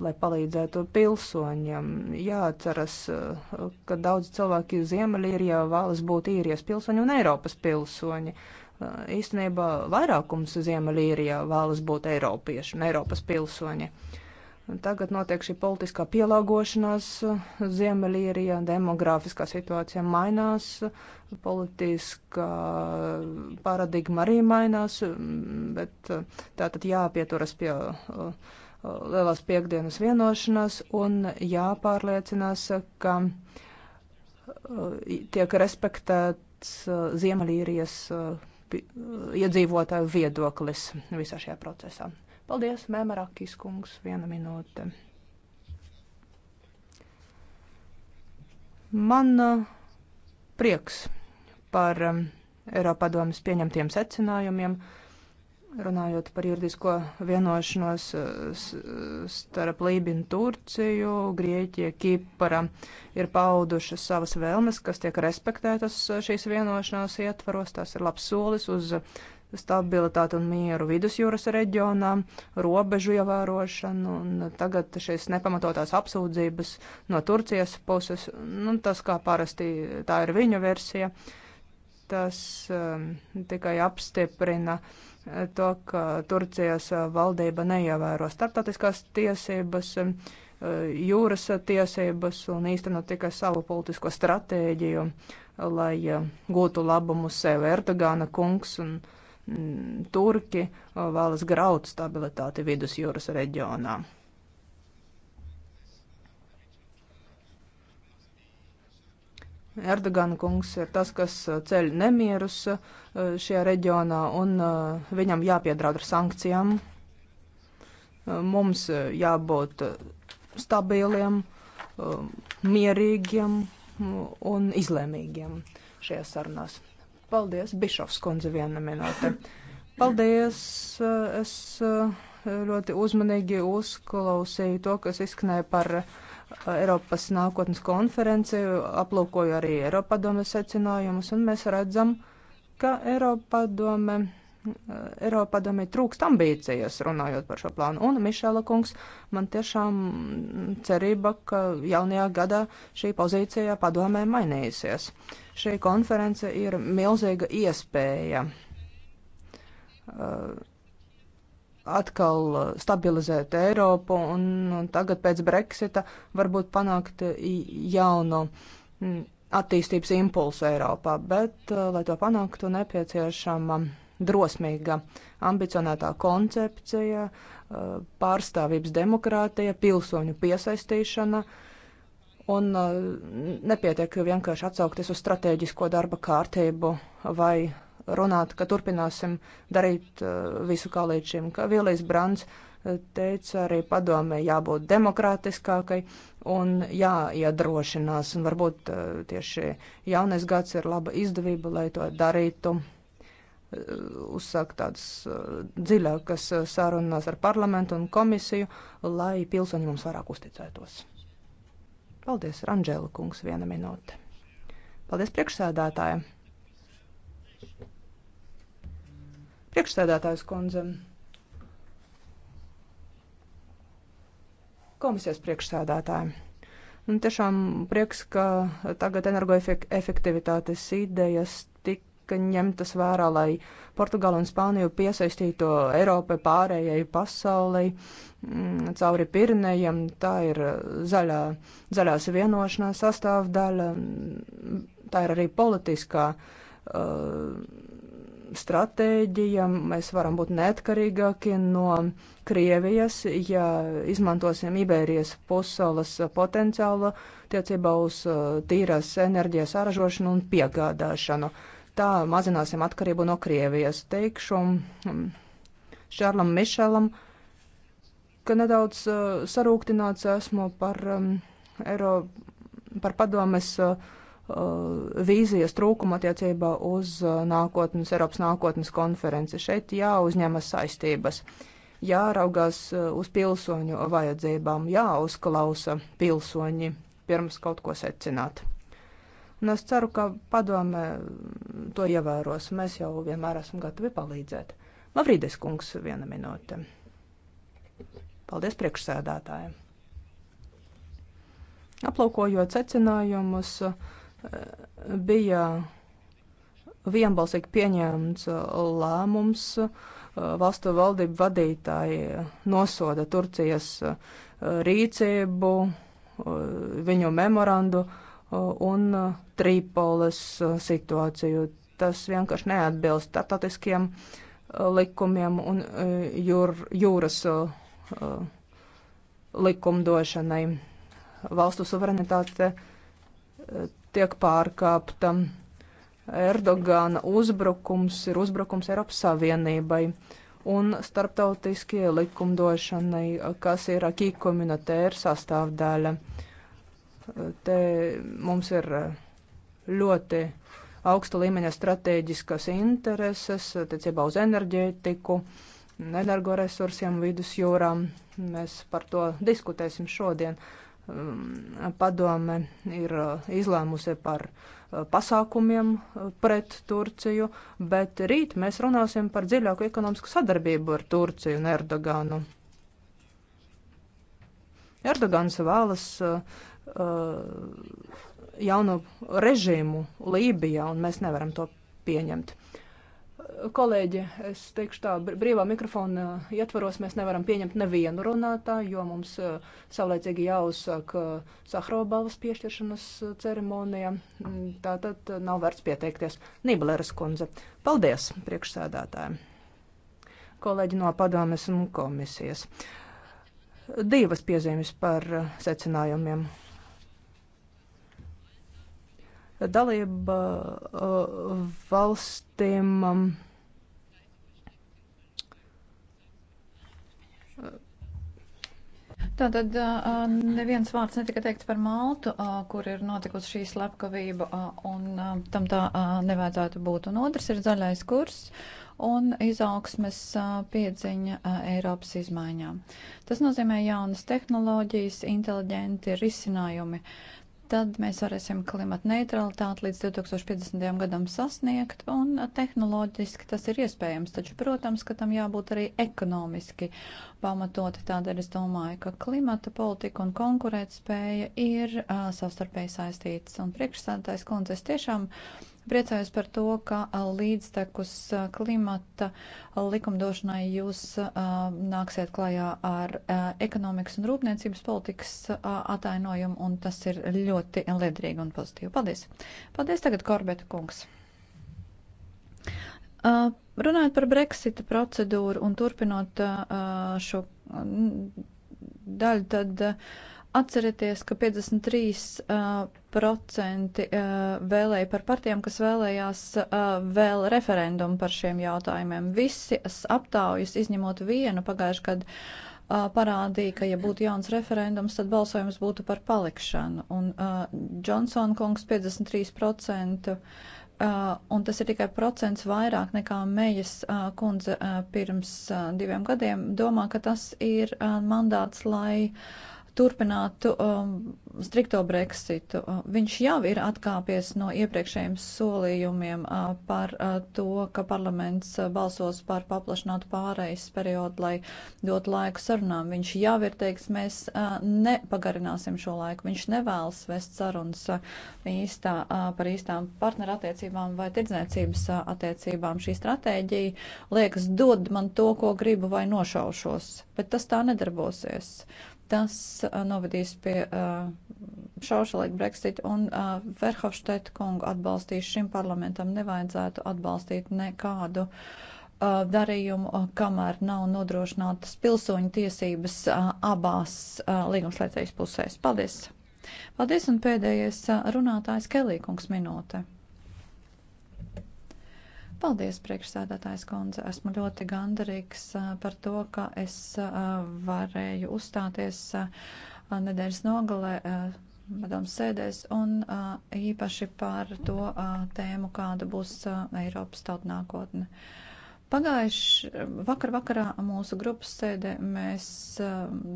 lai palīdzētu pilsoņiem. Jāatceras, uh, ka daudz cilvēki Ziemeļīrijā vēlas būt īrijas pilsoņi un Eiropas pilsoņi. Uh, īstenībā vairākums Ziemeļīrijā vēlas būt Eiropieši un Eiropas pilsoņi. Tagad notiek šī politiskā pielāgošanās Ziemeļīrijā, demografiskā situācija mainās, politiskā paradigma arī mainās, bet tātad jāpieturas pie uh, lielās piekdienas vienošanās un jāpārliecinās, ka uh, tiek respektēts uh, Ziemeļīrijas iedzīvotāju viedoklis visā šajā procesā. Paldies, Mēmarakis kungs, viena minūte. Man uh, prieks par um, Eiropadomas pieņemtiem secinājumiem. Uh, runājot par juridisko vienošanos starp Lībiju un Turciju, Grieķija, Kipara ir paudušas savas vēlmes, kas tiek respektētas šīs vienošanās ietvaros. Tas ir labs solis uz stabilitāti un mieru vidusjūras reģionā, robežu ievērošanu, un tagad šīs nepamatotās apsūdzības no Turcijas puses, nu, tas kā parasti tā ir viņu versija, tas um, tikai apstiprina uh, to, ka Turcijas valdība neievēro starptautiskās tiesības, jūras tiesības un īstenot tikai savu politisko stratēģiju, lai eh, gūtu labumu sev. Erdogāna kungs un mm, Turki eh, vēlas graut stabilitāti vidusjūras reģionā. Erdogana kungs ir tas, kas uh, ceļ nemierus uh, šajā reģionā, un uh, viņam jāpiedraud ar sankcijām. Mums jābūt stabiliem, mierīgiem un izlēmīgiem šajā sarunās. Paldies, Bišovs kundze, viena minūte. Paldies, es ļoti uzmanīgi uzklausīju to, kas izskanēja par uh, Eiropas nākotnes konferenci, aplūkoju arī Eiropadomes secinājumus, un mēs redzam, ka Eiropadome. Eiropā domē trūkst ambīcijas runājot par šo plānu. Un, Mišela kungs, man tiešām cerība, ka jaunajā gadā šī pozīcija padomē mainīsies. Šī konference ir milzīga iespēja uh, atkal uh, stabilizēt Eiropu un tagad pēc Brexita varbūt panākt uh, jauno mm, attīstības impulsu Eiropā, bet, uh, lai to panāktu, nepieciešama drosmīga, ambicionētā koncepcija, pārstāvības demokrātija, pilsoņu piesaistīšana. Un nepietiek vienkārši atsaukties uz strateģisko darba kārtību vai runāt, ka turpināsim darīt uh, visu kā līdz šim. Ka Vilijas Brants uh, teica arī padomē jābūt demokrātiskākai un jāiedrošinās. Un varbūt uh, tieši jaunais gads ir laba izdevība, lai to darītu uzsākt tādas dziļākas sarunās ar parlamentu un komisiju, lai pilsoņi mums vairāk uzticētos. Paldies, Ranģēla kungs, viena minūte. Paldies priekšsēdētājai. Priekšstādātājs kundze. Komisijas priekšstādātāji. Un tiešām prieks, ka tagad energoefektivitātes idejas tika ņemtas vērā, lai Portugālu un Spāniju piesaistīto Eiropai pārējai pasaulei mm, cauri Pirnejam. Tā ir zaļā, zaļās vienošanās sastāvdaļa, tā ir arī politiskā. Uh, stratēģija, mēs varam būt neatkarīgāki no Krievijas, ja izmantosim Iberijas pussalas potenciālu tiecībā uz uh, tīras enerģijas sāražošanu un piegādāšanu. Tā mazināsim atkarību no Krievijas. Teikšu mm, Šarlam Mišelam, ka nedaudz uh, sarūktināts esmu par, um, Eiro, par padomes uh, Uh, vīzijas trūkumu attiecībā uz uh, nākotnes, Eiropas nākotnes konferenci. Šeit jāuzņemas saistības, jāraugās uh, uz pilsoņu vajadzībām, jāuzklausa pilsoņi pirms kaut ko secināt. Un es ceru, ka padome to ievēros. Mēs jau vienmēr esam gatavi palīdzēt. Lavrīdes kungs, viena minūte. Paldies priekšsēdētājiem. Aplaukojot secinājumus, uh, bija vienbalsīgi pieņemts lēmums. Valstu valdību vadītāji nosoda Turcijas rīcību, viņu memorandu un Trīpoles situāciju. Tas vienkārši neatbilst statistiskiem likumiem un jūr, jūras likumdošanai. Valstu suverenitāte tiek pārkāpta. Erdogana uzbrukums ir uzbrukums Eiropas Savienībai un starptautiskie likumdošanai, kas ir akī komunitēra sastāvdaļa. Te mums ir ļoti augsta līmeņa stratēģiskas intereses, tiecībā uz enerģētiku, energoresursiem, vidusjūrām. Mēs par to diskutēsim šodien. Uh, Um, padome ir uh, izlēmusi par uh, pasākumiem uh, pret Turciju, bet rīt mēs runāsim par dziļāku ekonomisku sadarbību ar Turciju un Erdoganu. Erdogans vēlas jaunu režīmu Lībijā, un mēs nevaram to pieņemt kolēģi, es teikšu tā, brīvā mikrofona uh, ietvaros mēs nevaram pieņemt nevienu runātāju, jo mums uh, saulēcīgi jāuzsāk uh, Sahro balvas piešķiršanas ceremonija. Mm, tā tad nav vērts pieteikties. Nībleres kundze, paldies priekšsēdētājiem. Kolēģi no padomes un komisijas. Divas piezīmes par secinājumiem dalība uh, valstīm um, Tātad uh, uh, neviens vārds netika teikt par Maltu, kur ir notikusi šī slepkavība, un tam tā nevajadzētu būt. Un otrs ir zaļais kurs un izaugsmes piedziņa Eiropas izmaiņām. Tas nozīmē jaunas tehnoloģijas, inteliģenti risinājumi. Tad mēs varēsim klimata neutralitāti līdz 2050. gadam sasniegt, un tehnoloģiski tas ir iespējams, taču, protams, ka tam jābūt arī ekonomiski pamatoti. Tādēļ es domāju, ka klimata politika un konkurētspēja ir uh, savstarpēji saistītas, un priekšsēdētājs kundze, es tiešām Priecājos par to, ka līdztekus klimata likumdošanai jūs nāksiet klajā ar ekonomikas un rūpniecības politikas atainojumu, un tas ir ļoti liederīgi un pozitīvi. Paldies! Paldies tagad, Korbeta kungs! Runājot par Brexita procedūru un turpinot šo daļu, tad atcerieties, ka 53 40% eh, vēlēja par partijām, kas vēlējās eh, vēl referendumu par šiem jautājumiem. Visas aptaujas, izņemot vienu pagājušajā gadā, eh, parādīja, ka, ja būtu jauns referendums, tad balsojums būtu par palikšanu. Un uh, Johnson kungs 53%, uh, un tas ir tikai procents vairāk nekā Mejas uh, kundze uh, pirms uh, diviem gadiem, domā, ka tas ir uh, mandāts, lai uh, turpinātu um, strikto Brexitu. Uh, viņš jau ir atkāpies no iepriekšējiem solījumiem uh, par uh, to, ka parlaments uh, balsos par paplašinātu pārejas periodu, lai dotu laiku sarunām. Viņš jau ir teiks, mēs uh, nepagarināsim šo laiku. Viņš nevēlas vest sarunas uh, īstā, uh, par īstām partnerattiecībām vai tirdzniecības uh, attiecībām. Šī stratēģija liekas dod man to, ko gribu vai nošaušos, bet tas tā nedarbosies. Tas uh, novadīs pie uh, šaušalīga Brexit un uh, Verhofstedt kungu atbalstīs šim parlamentam nevajadzētu atbalstīt nekādu darījumu, kamēr nav nodrošinātas pilsoņu tiesības abās līgumslēcējas pusēs. Paldies! Paldies, un pēdējais runātājs Kelīkungs minūte. Paldies, priekšsēdētājs kundze. Esmu ļoti gandarīgs par to, ka es varēju uzstāties nedēļas nogalē padomu sēdēs un īpaši par to tēmu, kāda būs Eiropas tauta nākotne. Pagājuši vakar vakarā mūsu grupas sēdē mēs uh,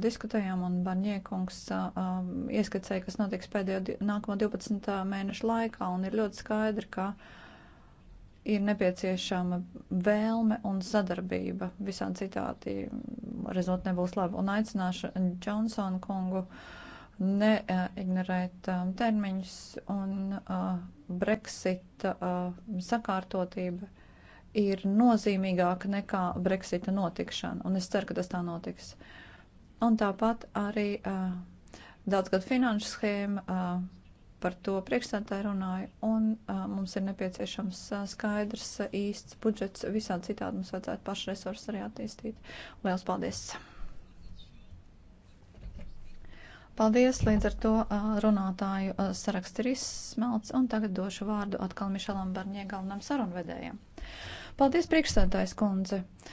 diskutējām un Barņiekungs uh, ieskicēja, kas notiks pēdējo nākamo 12 mēnešu laikā un ir ļoti skaidri, ka uh, ir nepieciešama vēlme un sadarbība. Visādi citādi rezultāti nebūs labi. Un aicināšu Džonsonu kungu neignorēt um, termiņus un uh, Brexita uh, sakārtotība ir nozīmīgāka nekā Brexita notikšana. Un es ceru, ka tas tā notiks. Un tāpat arī uh, daudzgad finanšu schēma. Uh, par to priekšstādātāji runāja, un uh, mums ir nepieciešams uh, skaidrs, uh, īsts budžets, visādi citādi mums vajadzētu pašu resursus arī attīstīt. Liels paldies! Paldies, līdz ar to uh, runātāju uh, saraksts ir izsmelts, un tagad došu vārdu atkal Mišelam Barņē galvenam sarunvedējam. Paldies, priekšstādātājs kundze! Uh,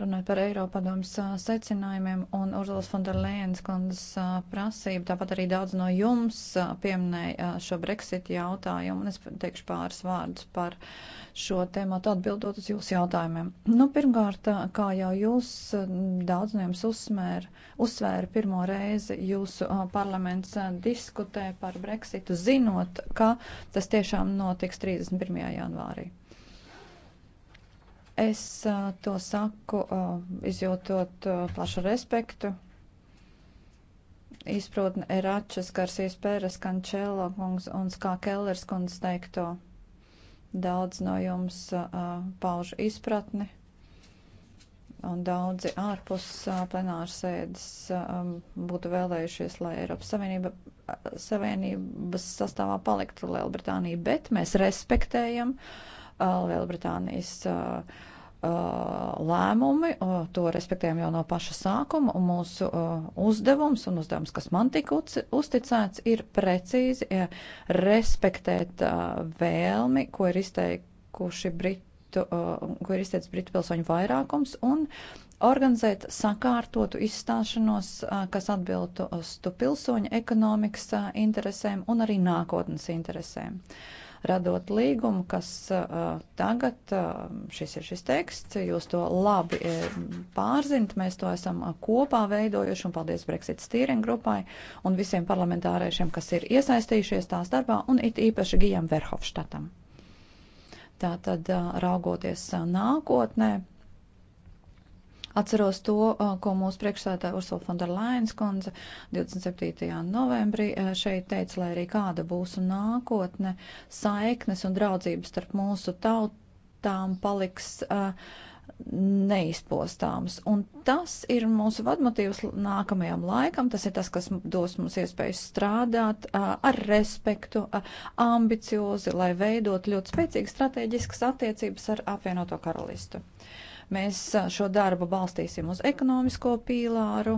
runāt par Eiropadomas secinājumiem un Urzulas Fonderlējens kundzes prasību. Tāpat arī daudz no jums pieminēja šo Brexit jautājumu, un es teikšu pāris vārdus par šo tēmatu atbildot uz jūsu jautājumiem. Nu, pirmkārt, kā jau jūs daudz no jums uzsmēra, uzsvēra pirmo reizi, jūsu parlaments diskutē par Brexitu, zinot, ka tas tiešām notiks 31. janvārī. Es to saku, izjūtot plašu respektu. Izprotne Eračas, Garsijas Pēras, Kančēlo kungs un Skā Kellers kundz teikto. Daudz no jums pauž izpratni un daudzi ārpus plenāras sēdes būtu vēlējušies, lai Eiropas Savienība, Savienības sastāvā paliktu Lielbritānija, bet mēs respektējam uh, Lielbritānijas lēmumi, to respektējam jau no paša sākuma, un mūsu uzdevums un uzdevums, kas man tika uzticēts, ir precīzi ja respektēt vēlmi, ko ir izteikuši Britu, ko ir izteicis Britu pilsoņu vairākums, un organizēt sakārtotu izstāšanos, kas atbildu uz pilsoņu ekonomikas interesēm un arī nākotnes interesēm. Uh, radot līgumu, kas tagad, šis ir šis teksts, jūs to labi pārzint, mēs to esam kopā veidojuši un paldies Brexit stīring grupai un visiem parlamentāriešiem, kas ir iesaistījušies tās darbā un it īpaši Gijam Verhofštatam. Tātad, raugoties nākotnē, Atceros to, ko mūsu priekšsētāja Ursula Fonderlains kundze 27. novembrī šeit teica, lai arī kāda būs nākotne, saiknes un draudzības starp mūsu tautām paliks. Uh, neizpostāms. Un tas ir mūsu vadmotīvs nākamajam laikam. Tas ir tas, kas dos mums iespēju strādāt ar respektu, ambiciozi, lai veidot ļoti spēcīgas strateģiskas attiecības ar apvienoto karalistu. Mēs šo darbu balstīsim uz ekonomisko pīlāru,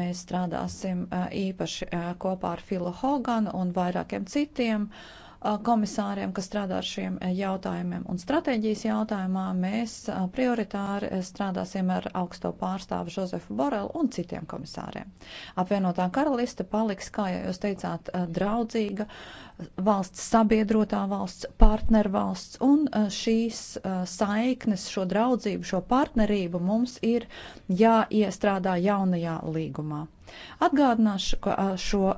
mēs strādāsim īpaši kopā ar Filu Hoganu un vairākiem citiem. Uh, komisāriem, kas strādā ar šiem e, jautājumiem. Un stratēģijas jautājumā mēs prioritāri e, strādāsim ar augsto pārstāvu Žozefu Borelu un citiem komisāriem. Apvienotā karaliste paliks, kā jau jūs teicāt, draudzīga valsts, sabiedrotā valsts, partnervalsts, un šīs saiknes, šo draudzību, šo partnerību mums ir jāiestrādā jaunajā līgumā. Atgādināšu, ka šo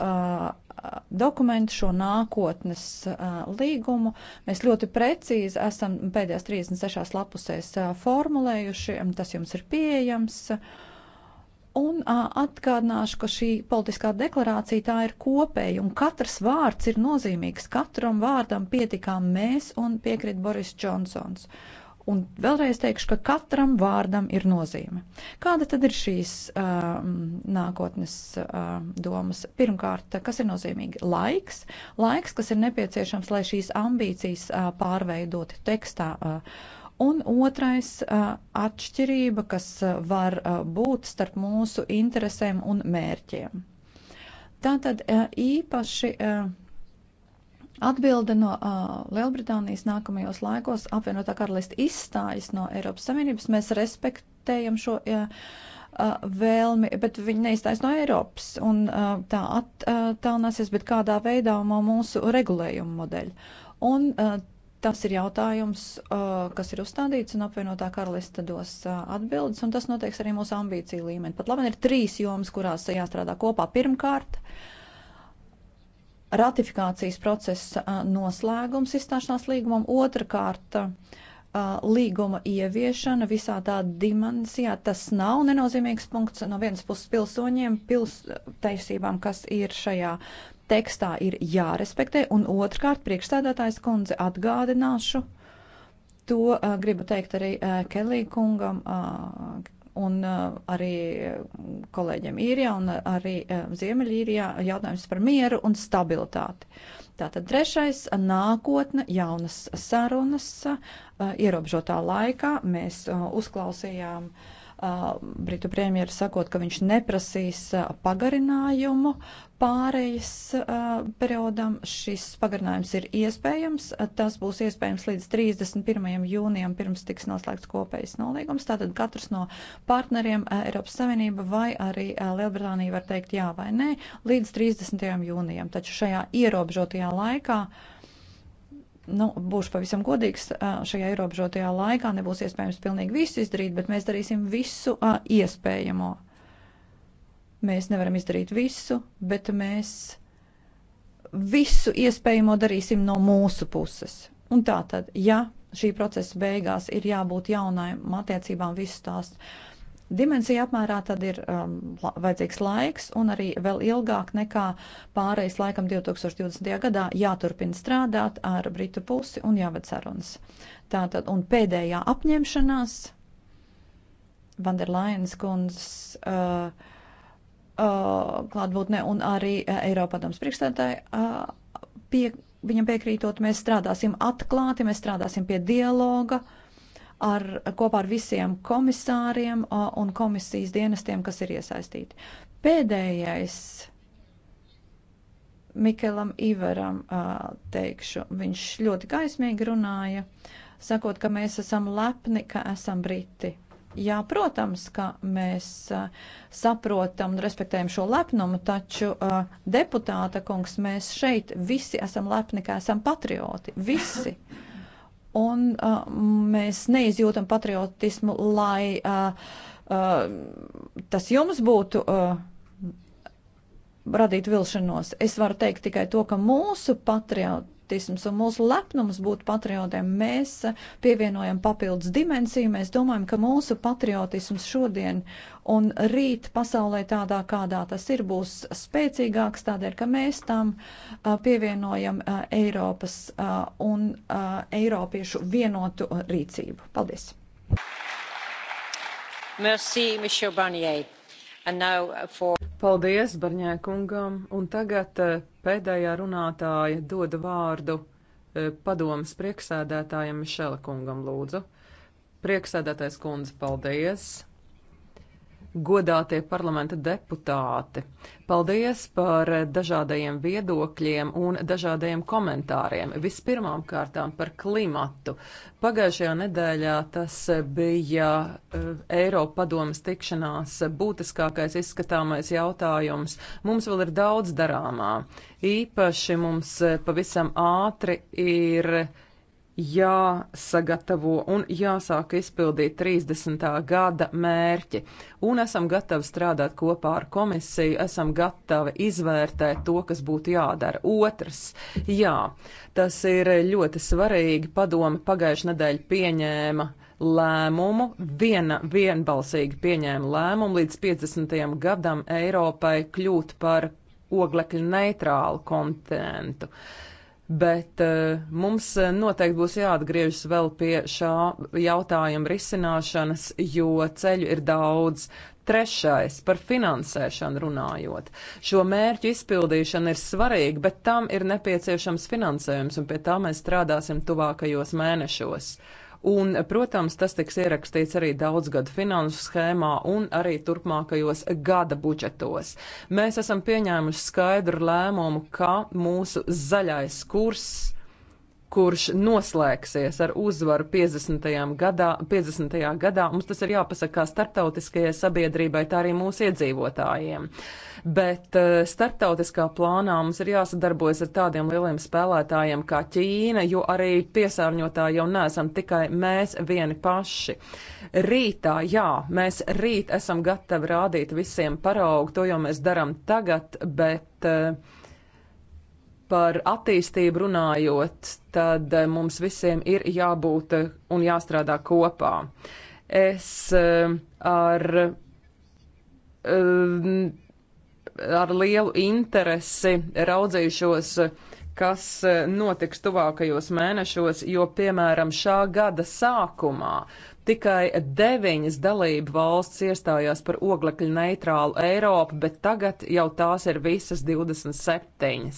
Uh, dokumentu, šo nākotnes uh, līgumu. Mēs ļoti precīzi esam pēdējās 36 lapusēs uh, formulējuši, um, tas jums ir pieejams. Un atgādināšu, ka šī politiskā deklarācija tā ir kopēja, un katrs vārds ir nozīmīgs. Katram vārdam pietikām mēs un piekrīt Boris Džonsons. Uh, Un vēlreiz teikšu, ka katram vārdam ir nozīme. Kāda tad ir šīs uh, nākotnes uh, domas? Pirmkārt, kas ir nozīmīgi? Laiks. Laiks, kas ir nepieciešams, lai šīs ambīcijas uh, pārveidoti tekstā. Uh, Un otrais uh, - atšķirība, kas uh, var uh, būt starp mūsu interesēm un mērķiem. Tātad īpaši Atbilde no uh, Lielbritānijas nākamajos laikos apvienotā karalista izstājas no Eiropas Savienības. Mēs respektējam šo uh, uh, vēlmi, bet viņi neizstājas no Eiropas un uh, tā attālināsies, bet kādā veidā no mūsu regulējuma modeļa. Un uh, tas ir jautājums, uh, kas ir uzstādīts un apvienotā karalista dos uh, atbildes, un tas noteiks arī mūsu ambīciju līmeni. Pat labi ir trīs jomas, kurās jāstrādā kopā. Pirmkārt. Uh, ratifikācijas procesa noslēgums izstāšanās līgumam, otrkārt līguma ieviešana visā tā dimensijā. Tas nav nenozīmīgs punkts no vienas puses pilsoņiem, pils taisībām, kas ir šajā tekstā ir jārespektē, un otrkārt priekšstādātājs kundze atgādināšu. To uh, gribu teikt arī uh, Kelī kungam, uh, un uh, arī mm, kolēģiem īrijā un arī uh, Ziemeļīrijā jautājums par mieru un stabilitāti. Tātad trešais - nākotne, jaunas sarunas, uh, ierobežotā laikā mēs uzklausījām uh, Britu premjeru sakot, ka viņš neprasīs pagarinājumu pārejas periodam. Šis pagarinājums ir iespējams. Tas būs iespējams līdz 31. jūnijam, pirms tiks noslēgts kopējs nolīgums. Tātad katrs no partneriem Eiropas Savienība vai arī Lielbritānija var teikt jā vai nē līdz 30. jūnijam. Taču šajā ierobežotajā laikā. Uh, nu, būšu pavisam godīgs, šajā ierobežotajā laikā nebūs iespējams pilnīgi visu izdarīt, bet mēs darīsim visu a, iespējamo. Mēs nevaram izdarīt visu, bet mēs visu iespējamo darīsim no mūsu puses. Un tā tad, ja šī procesa beigās ir jābūt jaunajām attiecībām, visas tās uh, dimensija apmērā tad ir um, la, vajadzīgs laiks un arī vēl ilgāk nekā pārejas laikam 2020. gadā jāturpina strādāt ar Britu pusi un jāved sarunas. Tātad, un pēdējā apņemšanās Vanderlainas kundzes uh, uh, klātbūtne un arī uh, Eiropadoms priekšstādāji uh, pie, viņam piekrītot, mēs strādāsim atklāti, mēs strādāsim pie dialoga. Uh, ar, kopā ar visiem komisāriem un komisijas dienestiem, kas ir iesaistīti. Pēdējais Mikelam Iveram teikšu, viņš ļoti gaismīgi runāja, sakot, ka mēs esam lepni, ka esam briti. Jā, protams, ka mēs saprotam un respektējam šo lepnumu, taču deputāta kungs, mēs šeit visi esam lepni, ka esam patrioti. Visi un uh, mēs neizjūtam patriotismu, lai uh, uh, tas jums būtu. Uh, radīt vilšanos. Es varu teikt tikai to, ka mūsu patriot, patriotisms un mūsu lepnums būt patriotiem. Mēs pievienojam papildus dimensiju, mēs domājam, ka mūsu patriotisms šodien un rīt pasaulē tādā, kādā tas ir, būs spēcīgāks, tādēļ, ka mēs tam pievienojam Eiropas un Eiropiešu vienotu rīcību. Paldies! Merci, Monsieur Barnier. And now uh, for... Paldies Barņē kungam, un tagad eh, pēdējā runātāja doda vārdu eh, padomas prieksēdētājam Mišela kungam lūdzu. Prieksēdētais kundze, paldies! godātie parlamenta deputāti! Paldies par dažādajiem viedokļiem un dažādajiem komentāriem. Vispirmām kārtām par klimatu. Pagājušajā nedēļā tas bija eh, Eiropa padomas tikšanās būtiskākais izskatāmais jautājums. Mums vēl ir daudz darāmā. Īpaši mums eh, pavisam ātri ir jāsagatavo un jāsāk izpildīt 30. gada mērķi. Un esam gatavi strādāt kopā ar komisiju, esam gatavi izvērtēt to, kas būtu jādara. Otrs, jā, tas ir ļoti svarīgi. Padome pagājušajā nedēļā pieņēma lēmumu, viena vienbalsīgi pieņēma lēmumu līdz 50. gadam Eiropai kļūt par oglekļa neitrālu kontinentu. Uh, Bet eh, mums eh, noteikti būs jāatgriežas vēl pie šā jautājuma risināšanas, jo ceļu ir daudz. Trešais par finansēšanu runājot. Šo mērķu izpildīšana ir svarīga, bet tam ir nepieciešams finansējums, un pie tā mēs strādāsim tuvākajos mēnešos. Uh, Un, protams, tas tiks ierakstīts arī daudzgadu finansu schēmā un arī turpmākajos gada budžetos. Mēs esam pieņēmuši skaidru lēmumu, ka mūsu zaļais kurss kurš noslēgsies ar uzvaru 50. gadā, 50. gadā. Mums tas ir jāpasaka kā starptautiskajai sabiedrībai, tā arī mūsu iedzīvotājiem. Bet uh, starptautiskā plānā mums ir jāsadarbojas ar tādiem lieliem spēlētājiem kā Ķīna, jo arī piesārņotāji jau neesam tikai mēs vieni paši. Rītā, jā, mēs rīt esam gatavi rādīt visiem paraugu, to jau mēs daram tagad, bet. Uh, par attīstību runājot, tad eh, mums visiem ir jābūt eh, un jāstrādā kopā. Es eh, ar, ar lielu interesi raudzīšos kas e, notiks tuvākajos mēnešos, jo, piemēram, šā gada sākumā tikai deviņas dalību valsts iestājās par oglekļa neitrālu Eiropu, bet tagad jau tās ir visas 27.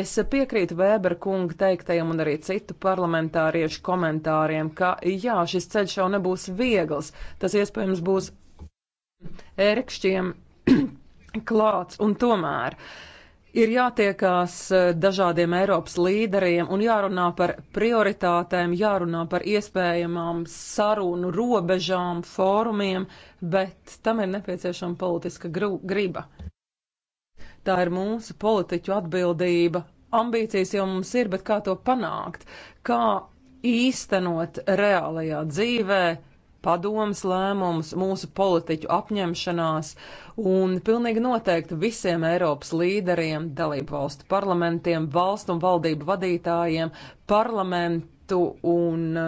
Es piekrītu Vēbera kunga teiktajam un arī citu parlamentāriešu komentāriem, ka jā, šis ceļš jau nebūs viegls, tas iespējams būs ērkšķiem klāts un tomēr. Uh, Ir jātiekās eh, dažādiem Eiropas līderiem un jārunā par prioritātēm, jārunā par iespējamām sarunu robežām, fórumiem, bet tam ir nepieciešama politiska griba. Tā ir mūsu politiķu atbildība. Ambīcijas jau mums ir, bet kā to panākt? Kā īstenot reālajā dzīvē padomas lēmumus, mūsu politiķu apņemšanās, un pilnīgi noteikti visiem Eiropas līderiem, dalību valstu parlamentiem, valstu un valdību vadītājiem, parlamentu un e,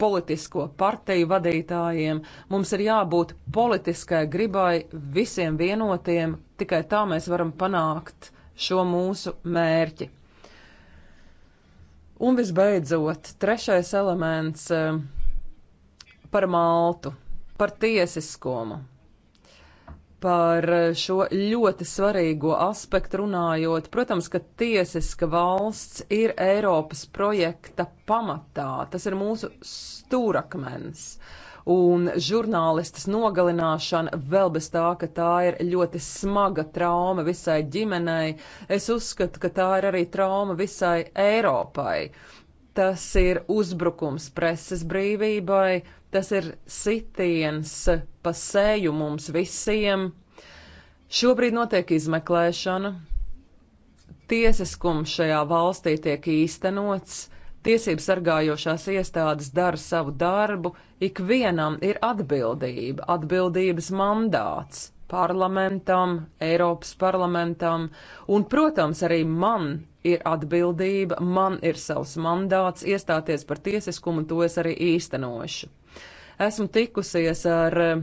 politisko partiju vadītājiem. Mums ir jābūt politiskai gribai visiem vienotiem, tikai tā mēs varam panākt šo mūsu mērķi. Un visbeidzot, trešais elements e, par Maltu, par tiesiskumu, par šo ļoti svarīgo aspektu runājot. Protams, ka tiesiska valsts ir Eiropas projekta pamatā, tas ir mūsu stūrakmens. Un žurnālistas nogalināšana vēl bez tā, ka tā ir ļoti smaga trauma visai ģimenei, es uzskatu, ka tā ir arī trauma visai Eiropai. Tas ir uzbrukums preses brīvībai, Tas ir sitiens pa seju mums visiem. Šobrīd notiek izmeklēšana. Tiesiskums šajā valstī tiek īstenots. Tiesību sargājošās iestādes dara savu darbu, ikvienam ir atbildība, atbildības mandāts parlamentam, Eiropas parlamentam, un, protams, arī man ir atbildība, man ir savs mandāts iestāties par tiesiskumu, un to es arī īstenošu. Esmu tikusies ar eh,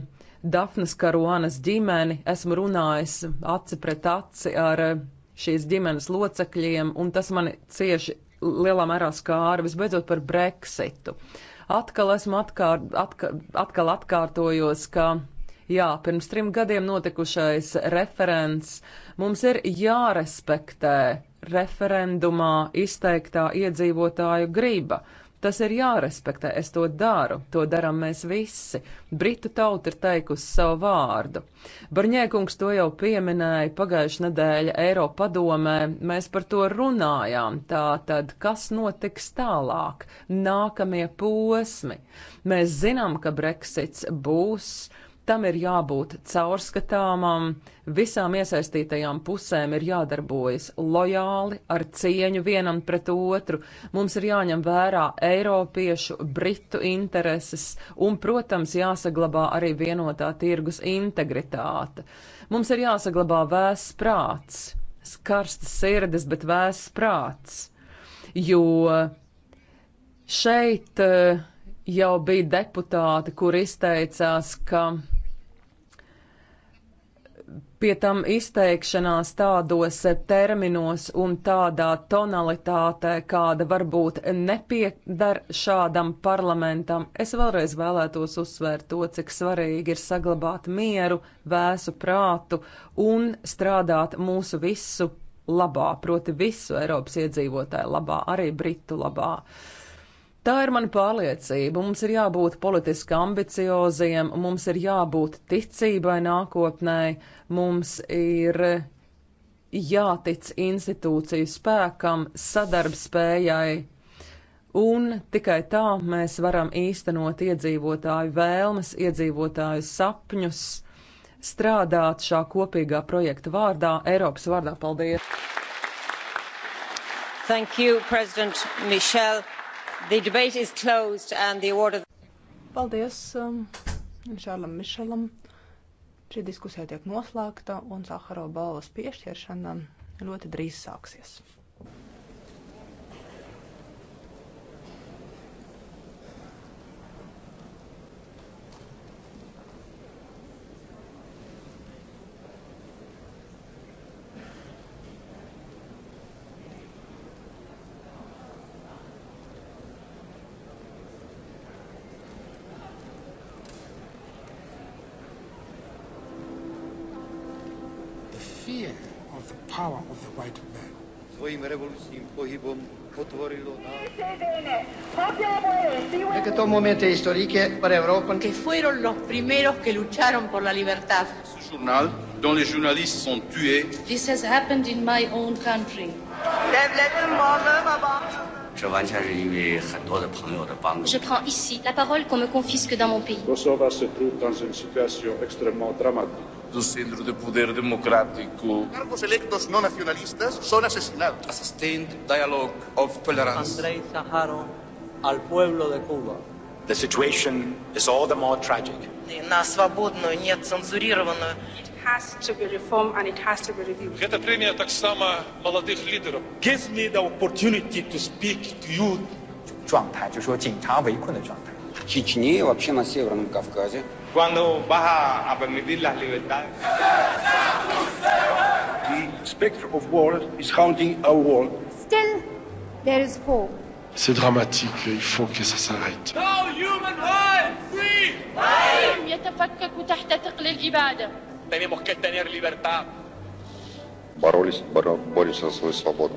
Dafnas Karuanas ģimeni, esmu runājis aci pret aci ar eh, šīs ģimenes locekļiem, un tas mani cieši lielā mērā skāra visbeidzot par Brexitu. Atkal esmu atkār, atka, atkal atkārtojos, ka Jā, pirms trim gadiem notikušais referents mums ir jārespektē referendumā izteiktā iedzīvotāju griba. Tas ir jārespektē, es to daru, to daram mēs visi. Britu tauta ir teikusi savu vārdu. Barņēkungs to jau pieminēja pagājušā nedēļa Eiropa padomē, mēs par to runājām. Tā tad, kas notiks tālāk? Nākamie posmi. Mēs zinām, ka Brexits būs Tam ir jābūt caurskatāmam, visām iesaistītajām pusēm ir jādarbojas lojāli, ar cieņu vienam pret otru. Mums ir jāņem vērā eiropiešu, britu intereses un, protams, jāsaglabā arī vienotā tirgus integritāte. Mums ir jāsaglabā vēsts prāts, karstas sirdes, bet vēsts prāts, jo šeit eh, jau bija deputāti, kur izteicās, ka pie tam izteikšanās tādos terminos un tādā tonalitātē, kāda varbūt nepiedar šādam parlamentam, es vēlreiz vēlētos uzsvērt to, cik svarīgi ir saglabāt mieru, vēsu prātu un strādāt mūsu visu labā, proti visu Eiropas iedzīvotāju labā, arī Britu labā. Uh, Tā ir mana pārliecība. Mums ir jābūt politiski ambicioziem, mums ir jābūt ticībai nākotnē, mums ir jātic institūciju spēkam, sadarbspējai, un tikai tā mēs varam īstenot iedzīvotāju vēlmes, iedzīvotāju sapņus, strādāt šā kopīgā projekta vārdā, Eiropas vārdā. Paldies! Thank you, President Michel. The debate is closed and the order. Paldies um, Šārlam Mišelam. Šī diskusija tiek noslēgta un Saharo balvas piešķiršana ļoti drīz sāksies. pohybom otvorilo nám. Creo que todo momento histórico para Europa. Que fueron los primeros que lucharon por la libertad. Ce journal, dont les journalistes sont tués. This has happened in my own country. Devletin varlığı ve bağımsızlığı Je prends ici la parole qu'on me confisque dans mon pays. Kosova se trouve dans une situation extrêmement dramatique. του Centro de Poder Democrático. Cargos electos no nacionalistas son asesinados. A sustained dialogue of tolerance. Andrei Saharov al pueblo de Cuba. The situation is all the more tragic. На свободную, нецензурированную has to be reformed and it has to be reviewed. Гэта премия таксама молодых лидеров. Gives me the opportunity to speak to you. 状态就是说警察围困的状态。Чечне вообще на Северном Кавказе. Cuando vas a permitir las libertades. The specter of war is haunting our world. Still, there is hope. C'est dramatique, il faut que ça s'arrête. No human rights! Free! يتفكك تحت ثقل الإبادة Tenemos que tener libertad. Боролись, боро, борются за свою свободу.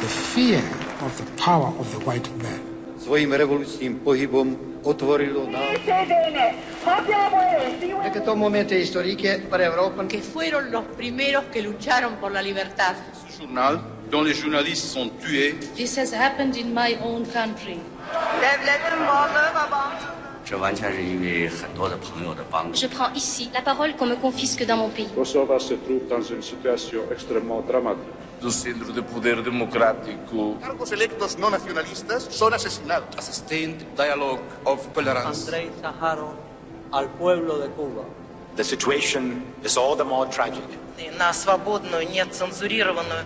The fear of the power of the white man. Svojim revolučným pohybom otvorilo nám... que todo momento histórico para Europa. Que fueron los primeros que lucharon por la libertad. Su jornal dont les journalistes sont tués. This has happened in my own country. 这完全是因为很多的朋友的帮助。Je prends ici la parole qu'on me confisque dans mon pays. Kosovo se trouve dans une situation extrêmement dramatique. Do centro de poder democrático. Cargos electos no nacionalistas son asesinados. A sustained dialogue of tolerance. Andrei Saharov al pueblo de Cuba. The situation is all the more tragic. На свободную, нецензурированную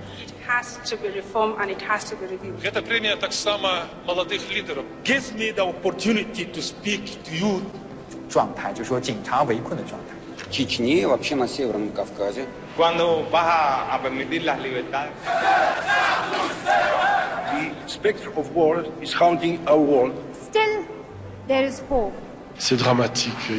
Гэта прэмія таксама маладых лідараў. Gives me the opportunity to speak to you. 状态就是说警察围困的状态。Чечне, вообще на Северном Кавказе. Cuando vas a permitir las libertades. The specter of war is haunting our world. Still, there is hope. C'est dramatique.